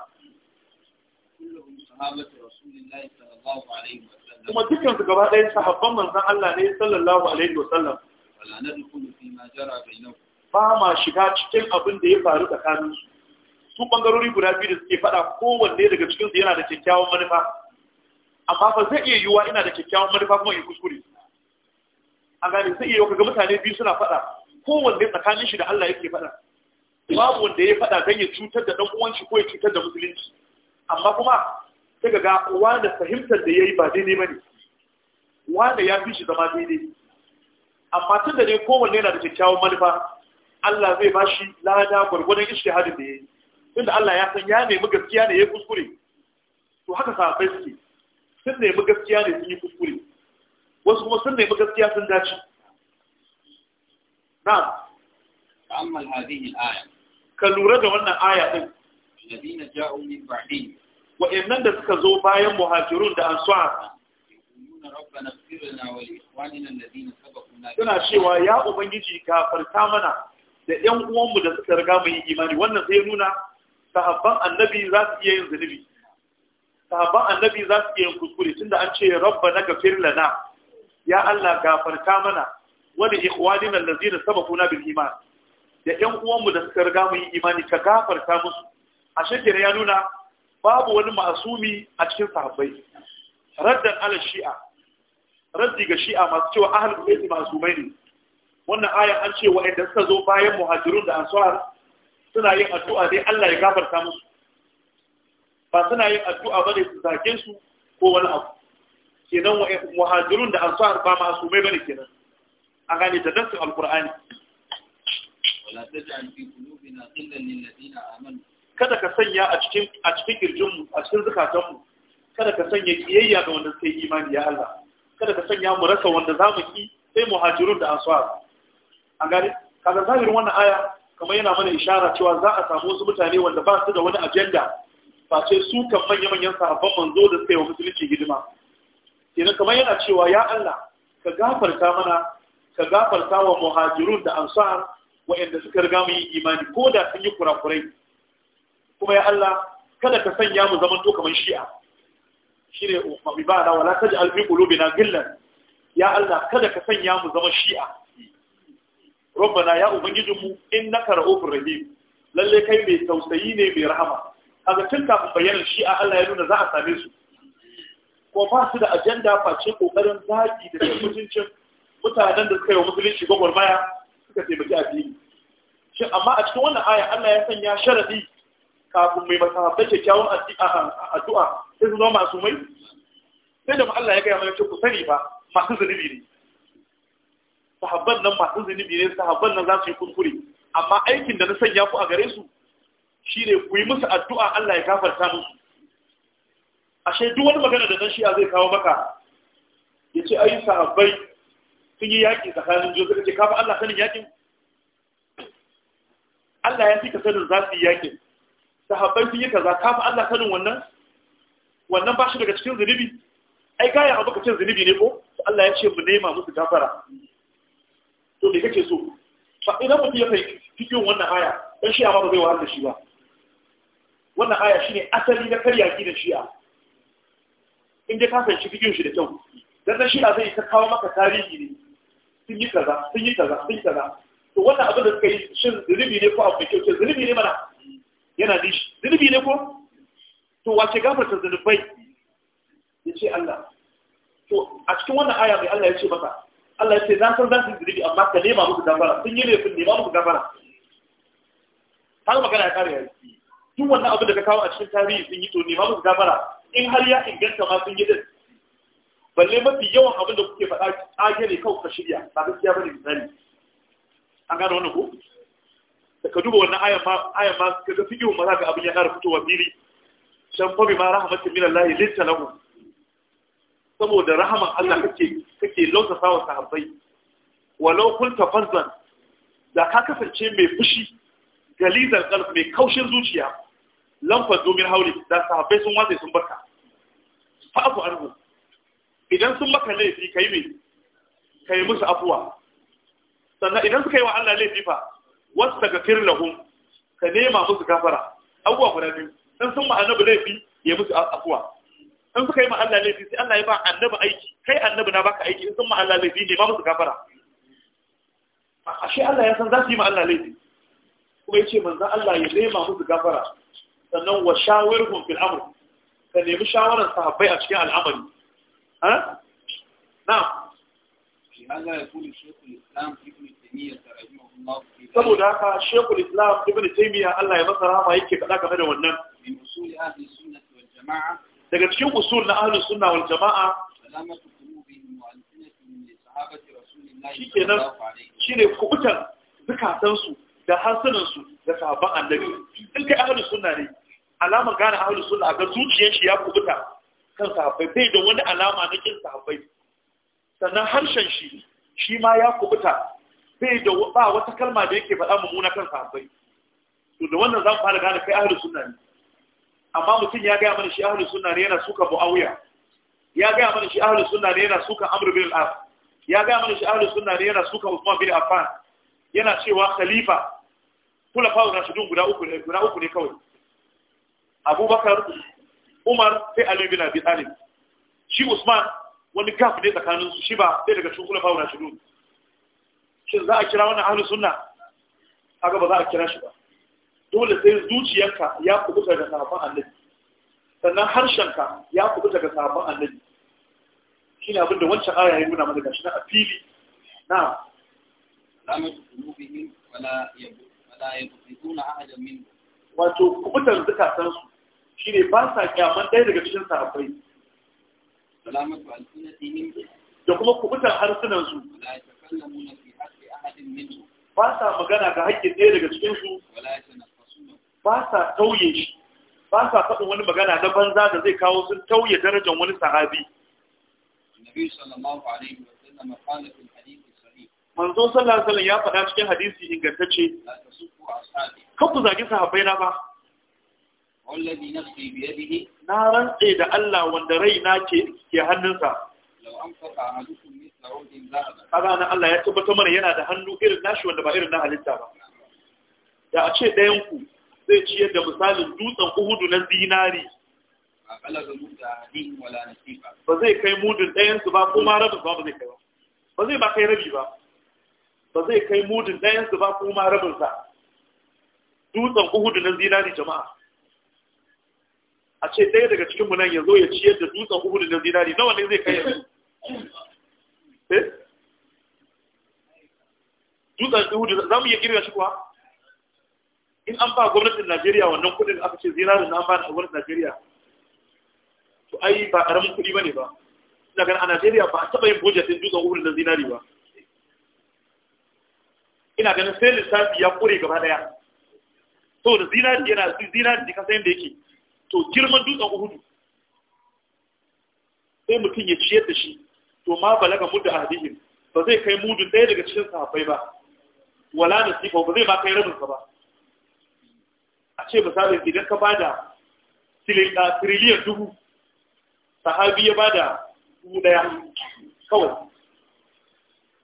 kullum sallallahu alaihi kuma dukkan su gaba ɗaya sahabban manzon Allah ne sallallahu alaihi wasallam ba ma shiga cikin abin da ya faru tsakanin su su bangarori guda biyu da suke faɗa kowanne daga cikin su yana da kyakkyawan manufa amma fa zai iya yiwuwa ina da kyakkyawan manufa kuma in kuskure a gane zai iya yiwuwa kaga mutane biyu suna faɗa kowanne tsakanin shi da Allah yake faɗa babu wanda ya faɗa don ya cutar da ɗan uwan shi ko ya cutar da musulunci amma kuma sai ka ga wanda fahimtar da ya yi ba daidai ba ne wanda ya fi shi zama daidai amma tun da ne kowanne yana da kyakkyawan manufa Allah zai ba shi lada gwargwadon hadin da ya yi tunda Allah ya san ya nemi gaskiya ne ya yi kuskure to haka sahabbai suke sun nemi gaskiya ne sun yi kuskure wasu kuma sun nemi gaskiya sun dace na ta'ammal hadhihi al-aya ka lura da wannan aya din wa'annan da suka zo bayan muhajirun da ansar suna cewa ya ubangiji kafarta mana da ƴan uwanmu da suka riga mai imani wannan sai nuna sahabban annabi za su iya yin zunubi sahabban annabi za su iya yin kuskure tunda an ce rabba na gafir lana ya Allah gafarta mana wani ikhwanin allazina sabaquna bin iman da ƴan uwanmu da suka riga mai imani ka gafarta musu a shekara ya nuna babu wani masumi a cikin sahabbai raddan ala shi'a raddi ga shi'a masu cewa ahlul bayt masumai ne wannan aya an ce idan suka zo bayan muhajirun da ansar suna yin addu'a dai Allah ya gafarta musu ba suna yin addu'a bane su zage su ko wani abu kenan muhajirun da ansar ba masumai bane kenan a gane da nassin alqur'ani wala taj'al fi qulubina illa lil ladina amanu kada ka sanya a cikin a cikin mu a cikin mu kada ka sanya kiyayya ga wanda suka imani ya Allah kada ka sanya mu rasa wanda zamu mu ki sai muhajirun da ansar an kada kaga zahirin wannan aya kamar yana mana ishara cewa za a samu wasu mutane wanda ba su da wani ajanda face su kan manyan manyan sahabban manzo da suka yi wa musulunci hidima kenan kamar yana cewa ya Allah ka gafarta mana ka gafarta wa muhajirun da ansar wa'anda suka riga mu yi imani ko da sun yi kurakurai kuma ya Allah kada ka sanya mu zaman to kamar shi'a shine ummi ba da wala taj'al fi qulubina ya Allah kada ka sanya mu zaman shi'a rabbana ya ubangijinmu innaka ra'ufur rahim lalle kai mai tausayi ne mai rahama kaga tun kafin bayanin shi'a Allah ya nuna za a same su ko ba su da ajanda face kokarin zaki da mutuncin mutanen da suka yi wa musulunci gwagwarmaya suka taimaki addini shin amma a cikin wannan aya Allah ya sanya sharadi kafin mai masahabbai kyakkyawan addu'a sai su zama masu mai sai da Allah ya gaya mana ce ku sani ba masu zunubi ne sahabban nan masu zunubi ne sahabban nan za su yi kuskure amma aikin da na sanya ku a gare su shine ku yi musu addu'a Allah ya gafarta musu ashe duk wani magana da dan shi'a zai kawo maka yace ai sahabbai sun yi yaki tsakanin jiyo suka ce kafa Allah sanin yaƙin? Allah ya fi ka sanin za su yi yakin sahabbai sun yi kaza ka fi Allah sanin wannan wannan ba shi daga cikin zunubi ai gaya a cin zunubi ne ko Allah ya ce mu nema musu gafara to me kake so fa idan mutum ya kai cikin wannan aya dan shi ba zai wahala shi ba wannan aya shine asali na karya ki da shi'a in dai ka fahimci cikin shi da kyau dan dan shi'a zai ta kawo maka tarihi ne sun yi kaza sun yi kaza sun yi kaza to wannan abin da suka yi shin zunubi ne ko abu da kyau ce zunubi ne mana yana dishi zunubi ne ko to wace gafarta zunubai ya ce Allah to a cikin wannan aya mai Allah ya ce maka. Allah ya ce zan san zan su zunubi amma ka nema muku gafara sun yi laifin nema musu gafara har magana ya kare yanzu duk wannan abin da ka kawo a cikin tarihi sun yi to nema musu gafara in har ya inganta ma sun yi din balle mafi yawan abin da kuke faɗa ƙage ne kawai ka shirya ba gaskiya ne misali an gano wannan ko da ka duba wannan ayan ma ayan ma ka ga fiqhu ma zaka abin ya ƙara fitowa fili can fa ma, rahmatin min Allah linta lahu saboda rahaman Allah kake kake lautasa wa sahabbai walau kunta fazzan da ka kasance mai fushi galizar kalf mai kaushin zuciya lamfar domin hauli da sahabbai sun watsa sun barka fa afu anhu idan sun maka laifi kai me kai musu afuwa sannan idan suka yi wa Allah laifi fa wastaghfir lahum ka nema musu gafara abubuwa guda biyu in sun ma annabi laifi ya musu afuwa in suka yi ma Allah laifi sai Allah ya ba annabi aiki kai annabi na baka aiki in sun ma Allah laifi ne ma musu gafara shi Allah ya san za su yi ma Allah laifi kuma yace manzo Allah ya nema musu gafara sannan wa shawirhum fil amr ka nemi shawaran sahabbai a cikin al'amari ha na'am Allah ya kula shi Islam ibn saboda haka shekul islam ibn taymiya Allah ya masa rahama yake kada game da wannan daga cikin usul na ahlus sunna wal jama'a shikenan shine kubutan zakatan su da hasunan su da sahabban annabi in kai ahlus sunna ne alamar gane ahlus sunna ga zuciyar shi ya kubuta kan sahabbai bai da wani alama na kin sahabbai sannan harshen shi shi ma ya kubuta sai da ba wata kalma da yake faɗa mummuna kan sahabbai to da wannan za mu fara gane kai ahlus sunna ne amma mutum ya gaya mana shi ahlus sunna ne yana suka muawiya ya gaya mana shi ahlus sunna ne yana suka amr bin al-as ya gaya mana shi ahlus sunna ne yana suka usman bin affan yana cewa khalifa kula fawo rashidun guda uku ne guda uku ne kawai abubakar umar sai ali bin abi talib shi usman wani gaf ne tsakanin su shi ba sai daga cikin kula fawo rashidun shin za a kira wannan ahlus suna? kaga ba za a kira shi ba dole sai zuciyarka ya kubuta daga sahabban annabi sannan harshenka ya kubuta daga sahabban annabi ne abinda wancan aya ya nuna mana gashi na afili na wato kubutar zakatan su shine ba sa kyaman ɗaya daga cikin sahabbai da kuma kubutar harsunan su ba sa magana ga haƙƙin ɗaya daga cikinsu ba sa tauye shi ba sa faɗin wani magana na banza da zai kawo sun tauye darajar wani sahabi manzo sallallahu alaihi ya faɗa cikin hadisi ingantacce Ka ku zagi sahabbai na ba na rantse da Allah wanda raina na ke hannunsa kaga nan Allah ya tabbatar mana yana da hannu irin nashi wanda ba irin na halitta ba da a ce ɗayan ku zai ci yadda misalin dutsen uhudu na zinari ba zai kai mudun su ba kuma rabin ba ba zai kai ba ba zai ba kai rabi ba ba zai kai mudun su ba ma rabin sa dutsen uhudu na zinari jama'a a ce ɗaya daga cikinmu nan ya zo ya ci yadda dutsen uhudu na zinari nawa ne zai kai yanzu eh dutsen uhudu za mu iya girga shi kuwa in an ba gwamnatin najeriya wannan kudin da aka ce zinarin na an ba na gwamnatin najeriya to ai ba ƙaramin kudi ba ne ba ina gani a najeriya ba a taɓa yin bujetin dutsen uhudu na zinari ba ina ganin sai lissafi ya kure gaba ɗaya da zinari yana zinari jikin sayan da yake to girman dutsen uhudu sai mutum ya ciyar da shi to ma balaga mudda ahadihim ba zai kai mudu ɗaya daga cikin sahabbai ba wala nasifa ba zai ma kai rabinsa ba a ce misali idan ka bada tiriliyan dubu sahabi ya bada dubu ɗaya kawai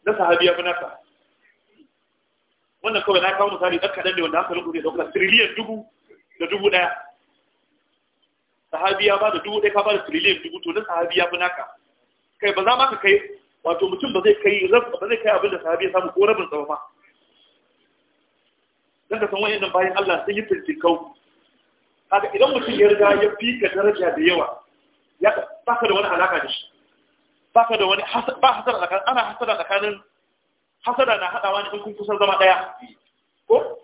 na sahabi ya fi naka wannan kawai na kawo misali ɗan kaɗan ne wanda haka da kuma tiriliyan dubu da dubu ɗaya sahabi ya bada dubu ɗaya ka bada tiriliyan dubu to na sahabi ya fi naka kai ba za ma ka kai wato mutum ba zai kai ba zai kai abin da sahabi ya samu ko rabin sa ba dan ka san wayannan bayan Allah sun yi fintikau haka idan mutum ya riga ya fi ka daraja da yawa ya ka da wani alaka da shi baka da wani ba hasara tsakanin ana hasara tsakanin hasara na hadawa ne kun kusan zama daya ko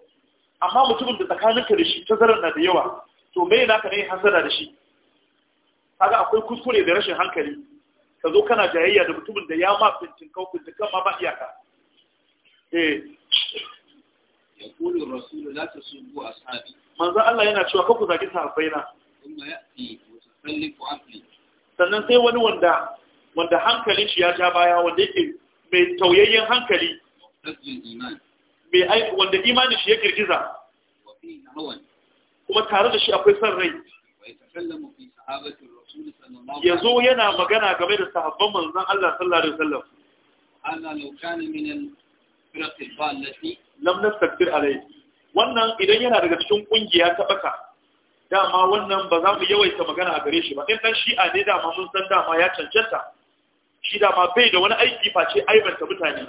amma mutumin da ka da shi zarar na da yawa to me ka ne hasara da shi kaga akwai kuskure da rashin hankali ka zo kana jayayya da mutumin da ya ma fincin kau da kama ba iyaka eh yaqulu rasul la tasubbu ashabi Allah yana cewa kaku zaki sahabbaina kuma na. sannan sai wani wanda wanda hankalin shi ya ja baya wanda yake mai tauyayyen hankali mai wanda imanin shi ya girgiza kuma tare da shi akwai son rai ya zo yana magana game da sahabban manzan Allah sallallahu alaihi wasallam anna law kana min ba firaq wannan idan yana daga cikin kungiya ta baka dama wannan ba za mu yawaita magana a gare shi ba in ɗan shi'a ne dama mun san dama ya cancanta shi dama bai da wani aiki face aibanta mutane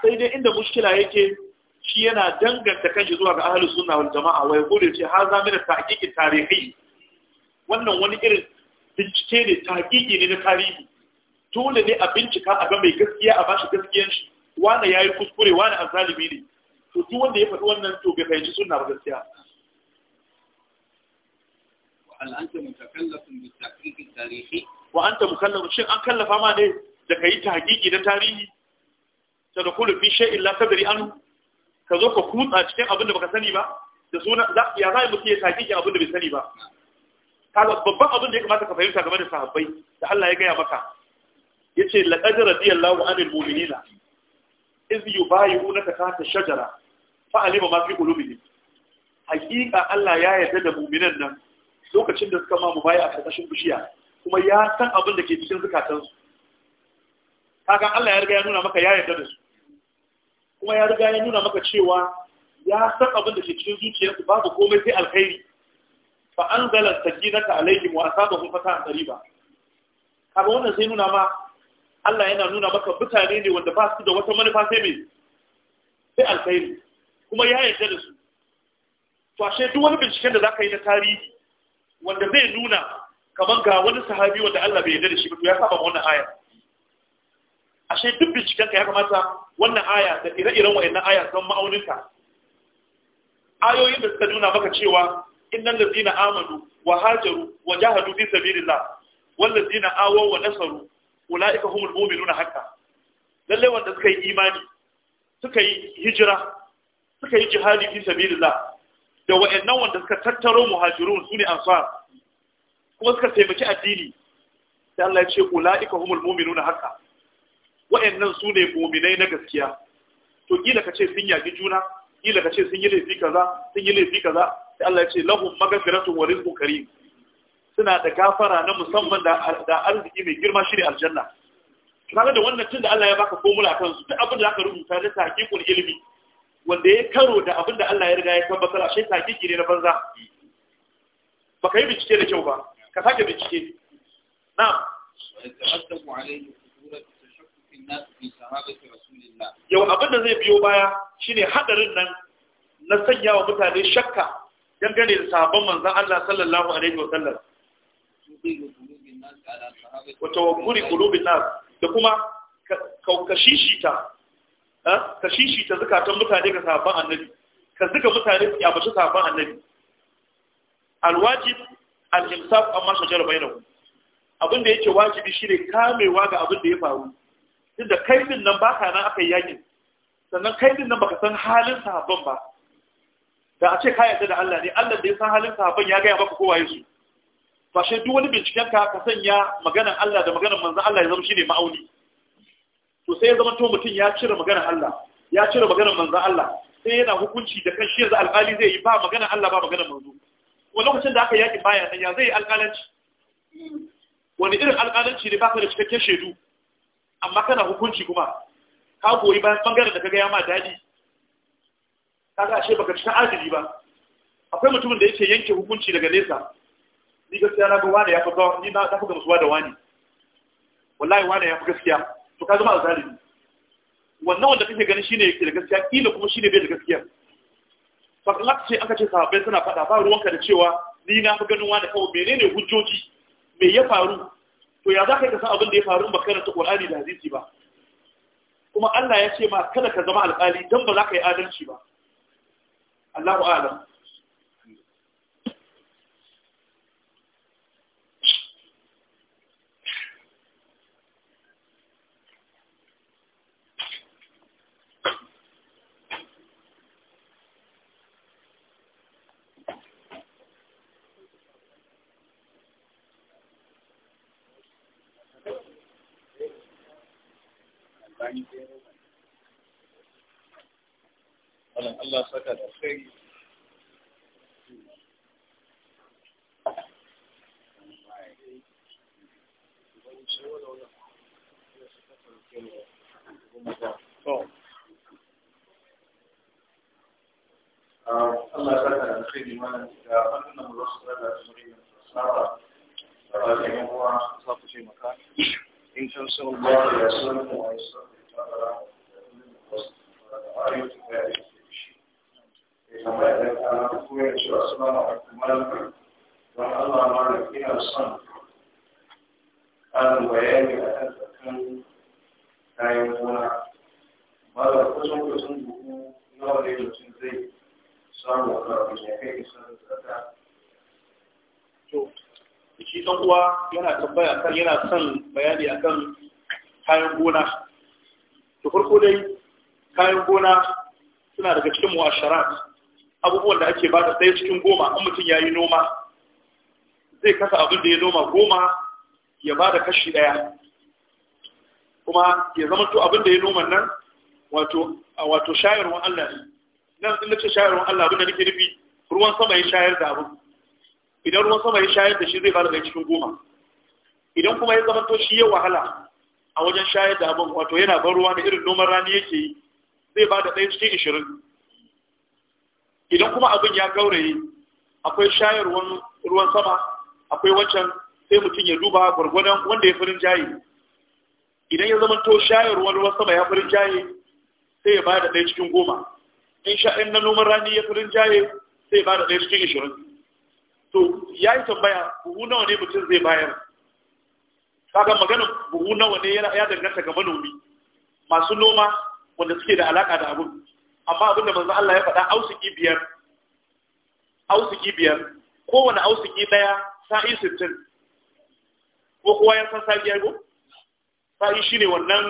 sai dai inda mushkila yake shi yana danganta kanshi zuwa ga ahlus sunna wal jama'a wa yaqulu ce haza min tahqiqi tarihi wannan wani irin bincike ne tahqiqi ne na tarihi dole ne a bincika a ga mai gaskiya a bashi gaskiyan shi wani yayi kuskure wani azalimi ne to duk wanda ya faɗi wannan to bai fahimci sunna ba gaskiya wa anta mutakallafun bi tahqiqi tarihi wa anta mukallafun shin an kallafa ma ne da kai tahqiqi na tarihi tadkhulu fi shay'in la tadri anhu ka zo ka kutsa cikin abin da baka sani ba da suna ya za mutum ya saki ki abin da bai sani ba kaga babban abin da ya kamata ka fahimta game da sahabbai da Allah ya gaya maka yace laqad radiyallahu anil mu'minina iz yubayyi'unaka tahta shajara fa alima ma fi qulubihim Hakika Allah ya yarda da mu'minan nan lokacin da suka ma mubayi a karkashin bishiya kuma ya san abin da ke cikin zukatansu kaga Allah ya riga ya nuna maka ya yarda da su kuma ya riga ya nuna maka cewa ya san abin da ke cikin zuciyarsu babu komai sai alkhairi fa an zalar sakinata alaihim wa asabahum fatahan qariba kaga wannan sai nuna ma Allah yana nuna maka mutane ne wanda ba su da wata manufa sai mai sai alkhairi kuma ya yarda da su to ashe duk wani binciken da zaka yi na tarihi wanda zai nuna kamar ga wani sahabi wanda Allah bai yarda da shi ba to ya saba wannan ayar ashe duk binciken ka ya kamata wannan aya da ire-iren wayannan aya san ma'auninka ayoyin da suka nuna maka cewa innal ladzina amanu wa hajaru wa jahadu fi sabilillah wal ladzina awaw wa nasaru wula ulaika humul nuna haka. Lallai wanda suka yi imani suka yi hijira suka yi jihadi fi sabilillah da wa'annan wanda suka tattaro muhajirun ne ansar kuma suka taimaki addini sai Allah ya ce ulaika humul mu'minuna haqqan wa'annan su ne muminai na gaskiya to kila ka ce sun yaki juna kila ka ce sun yi laifi kaza sun yi laifi kaza sai Allah ya ce lahum maghfiratun wa rizqun karim suna da gafara na musamman da da arziki mai girma shine aljanna kaga da wannan tunda Allah ya baka formula kan su duk abin da aka rubuta da taqiqul ilmi wanda ya karo da abin da Allah ya riga ya tabbatar a shi taqiqi ne na banza baka yi bincike da kyau ba ka sake bincike na'am yau abin da zai biyo baya shine hadarin nan na sanya wa mutane shakka dangane da sabon manzon Allah sallallahu alaihi wa sallam wato tawakkuri qulubin nas da kuma kaukashishita ka shishita eh, zakatan mutane ga sabon annabi ka zuka mutane ya yabashi sabon annabi alwajib al-imsak amma shajara bainahu abin da yake wajibi shine kamewa ga abin da ya faru inda kai din nan baka nan aka yi yakin sannan kai din nan baka san halin sahabban ba da a ce ka yarda da Allah ne Allah da ya san halin sahabban ya gaya maka kowa su ba shi duk wani binciken ka ka sanya maganar Allah da maganar manzon Allah ya zama shine ma'auni to sai ya zama to mutum ya cire maganar Allah ya cire maganar manzon Allah sai yana hukunci da kan shi yanzu alƙali zai yi ba maganar Allah ba maganar manzo Wani lokacin da aka yaki baya ya zai alƙalanci wani irin alƙalanci ne baka da cikakken shaidu amma kana hukunci kuma ka goyi bayan bangaren da ka gaya ma daɗi ka ga ashe baka cika adili ba akwai mutumin da yake yanke hukunci daga nesa ni gaskiya na ga wani ya fi ga ni na fi gamsuwa da wani wallahi wani ya fi gaskiya to ka zama azalimi wannan wanda kake ganin shine yake da gaskiya kila kuma shine bai da gaskiya fakalak ce aka ce sahabbai suna faɗa ba ruwanka da cewa ni na fi ganin wani kawai menene hujjoji me ya faru to ya za ka san abin da ya faru ba karanta Qur'ani da hadisi ba kuma Allah ya ce ma kada ka zama alƙali dan ba za ka yi adalci ba Allahu a'lam malam Allah saka da sai Allah saka da kai malam da wannan mu da murin sahaba da da yan uwa za maka in kan san Allah ya san mu ai san da ta da da da tambaya da kana ko ya malam son bayani a kan kayan gona malam nawa ne mutum zai samu ya kai ɗan uwa yana bayani akan kayan gona to farko dai kayan gona suna daga cikin mu'asharat abubuwan da ake bada ɗaya cikin goma an mutum ya yi noma zai kasa abin da ya noma goma ya bada kashi ɗaya kuma ya zama to abin da ya noma nan wato wato shayarwan Allah ne nan inda ce shayarwar Allah abin da nake nufi ruwan sama ya shayar da abin idan ruwan sama ya shayar da shi zai bada ɗaya cikin goma idan kuma ya zama to shi ya wahala a wajen shayar da abin wato yana ban ruwa da irin noman rani yake yi zai bada ɗaya cikin ishirin idan kuma abin ya gauraye akwai shayar ruwan sama akwai wancan sai mutum ya duba gwargwadon wanda ya farin jaye idan ya zama to shayarwan ruwan sama ya farin jaye sai ya ba da ɗaya cikin goma in sha'in na noman rani ya farin jaye sai ya ba da ɗaya cikin ashirin to ya yi tambaya buhu nawa ne mutum zai bayar kaga maganin buhu nawa ne ya danganta ga manomi masu noma wanda suke da alaka da abin amma abin da manzo Allah ya faɗa ausiki biyar ausiki biyar kowane ausiki ɗaya sa'i sittin ko kowa ya san sa'i yago sa'i ne wannan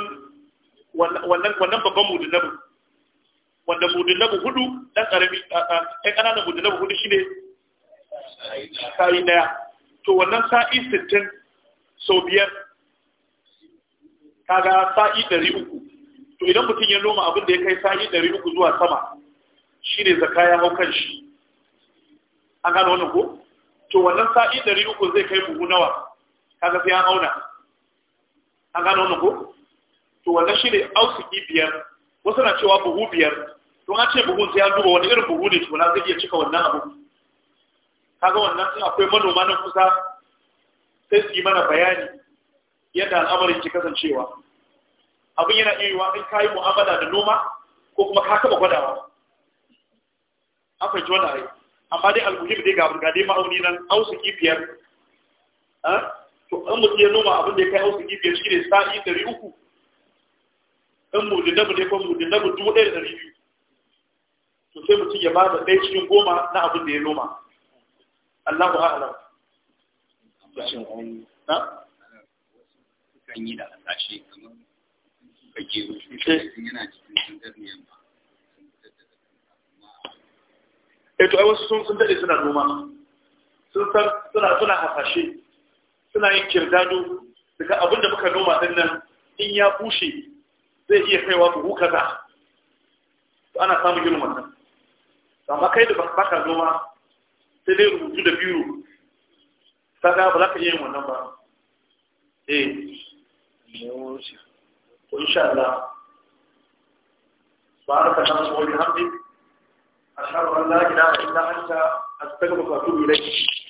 wannan wannan babban mudunabu wanda mudunabu hudu dan karami ɗan ƙananan mudunabu hudu ne sa'i ɗaya to wannan sa'i sittin sau biyar kaga sa'i ɗari uku to idan mutum ya noma abin da ya kai sa'i ɗari uku zuwa sama shi ne zaka ya hau kan shi an gano wannan ko to wannan sa'i ɗari uku zai kai buhu nawa kaga sai an auna an gano wannan ko to wannan shi ne ausiki biyar wasu na cewa buhu biyar to an ce buhun sai an duba wani irin buhu ne na zai iya cika wannan abu kaga wannan sun akwai manoma na kusa sai su yi mana bayani yadda al'amarin ke kasancewa abin yana iya yiwa in kayi mu'amala da noma ko kuma ka kama gwadawa Akwai jona wannan ai amma dai almuhim dai ga burgade ma'auni nan ausiki biyar ah? to in mutum ya noma abin da ya kai ausu kifiyar shi ne sa'i ɗari uku in dabu ne ko mu dabu dubu ɗaya da ɗari biyu to sai mutum ya ba da ɗaya cikin goma na abin da ya noma Allahu a'lam na? kan yi da hasashe kamar Eh. Yana cikin Eto, eh, ai wasu sun daɗe suna noma, suna hasashe, suna yin kirdado daga abinda muka noma ɗin nan in ya bushe zai iya kaiwa buhu kaza. Ana samun yin wannan. Amma kai da baka noma sai dai rubutu da biyu. ta ba za ka iya yin wannan ba. Eh. وإن شاء الله بارك الله وبحمدك أشهد أن لا إله إلا أنت أستغفرك وأتوب إليك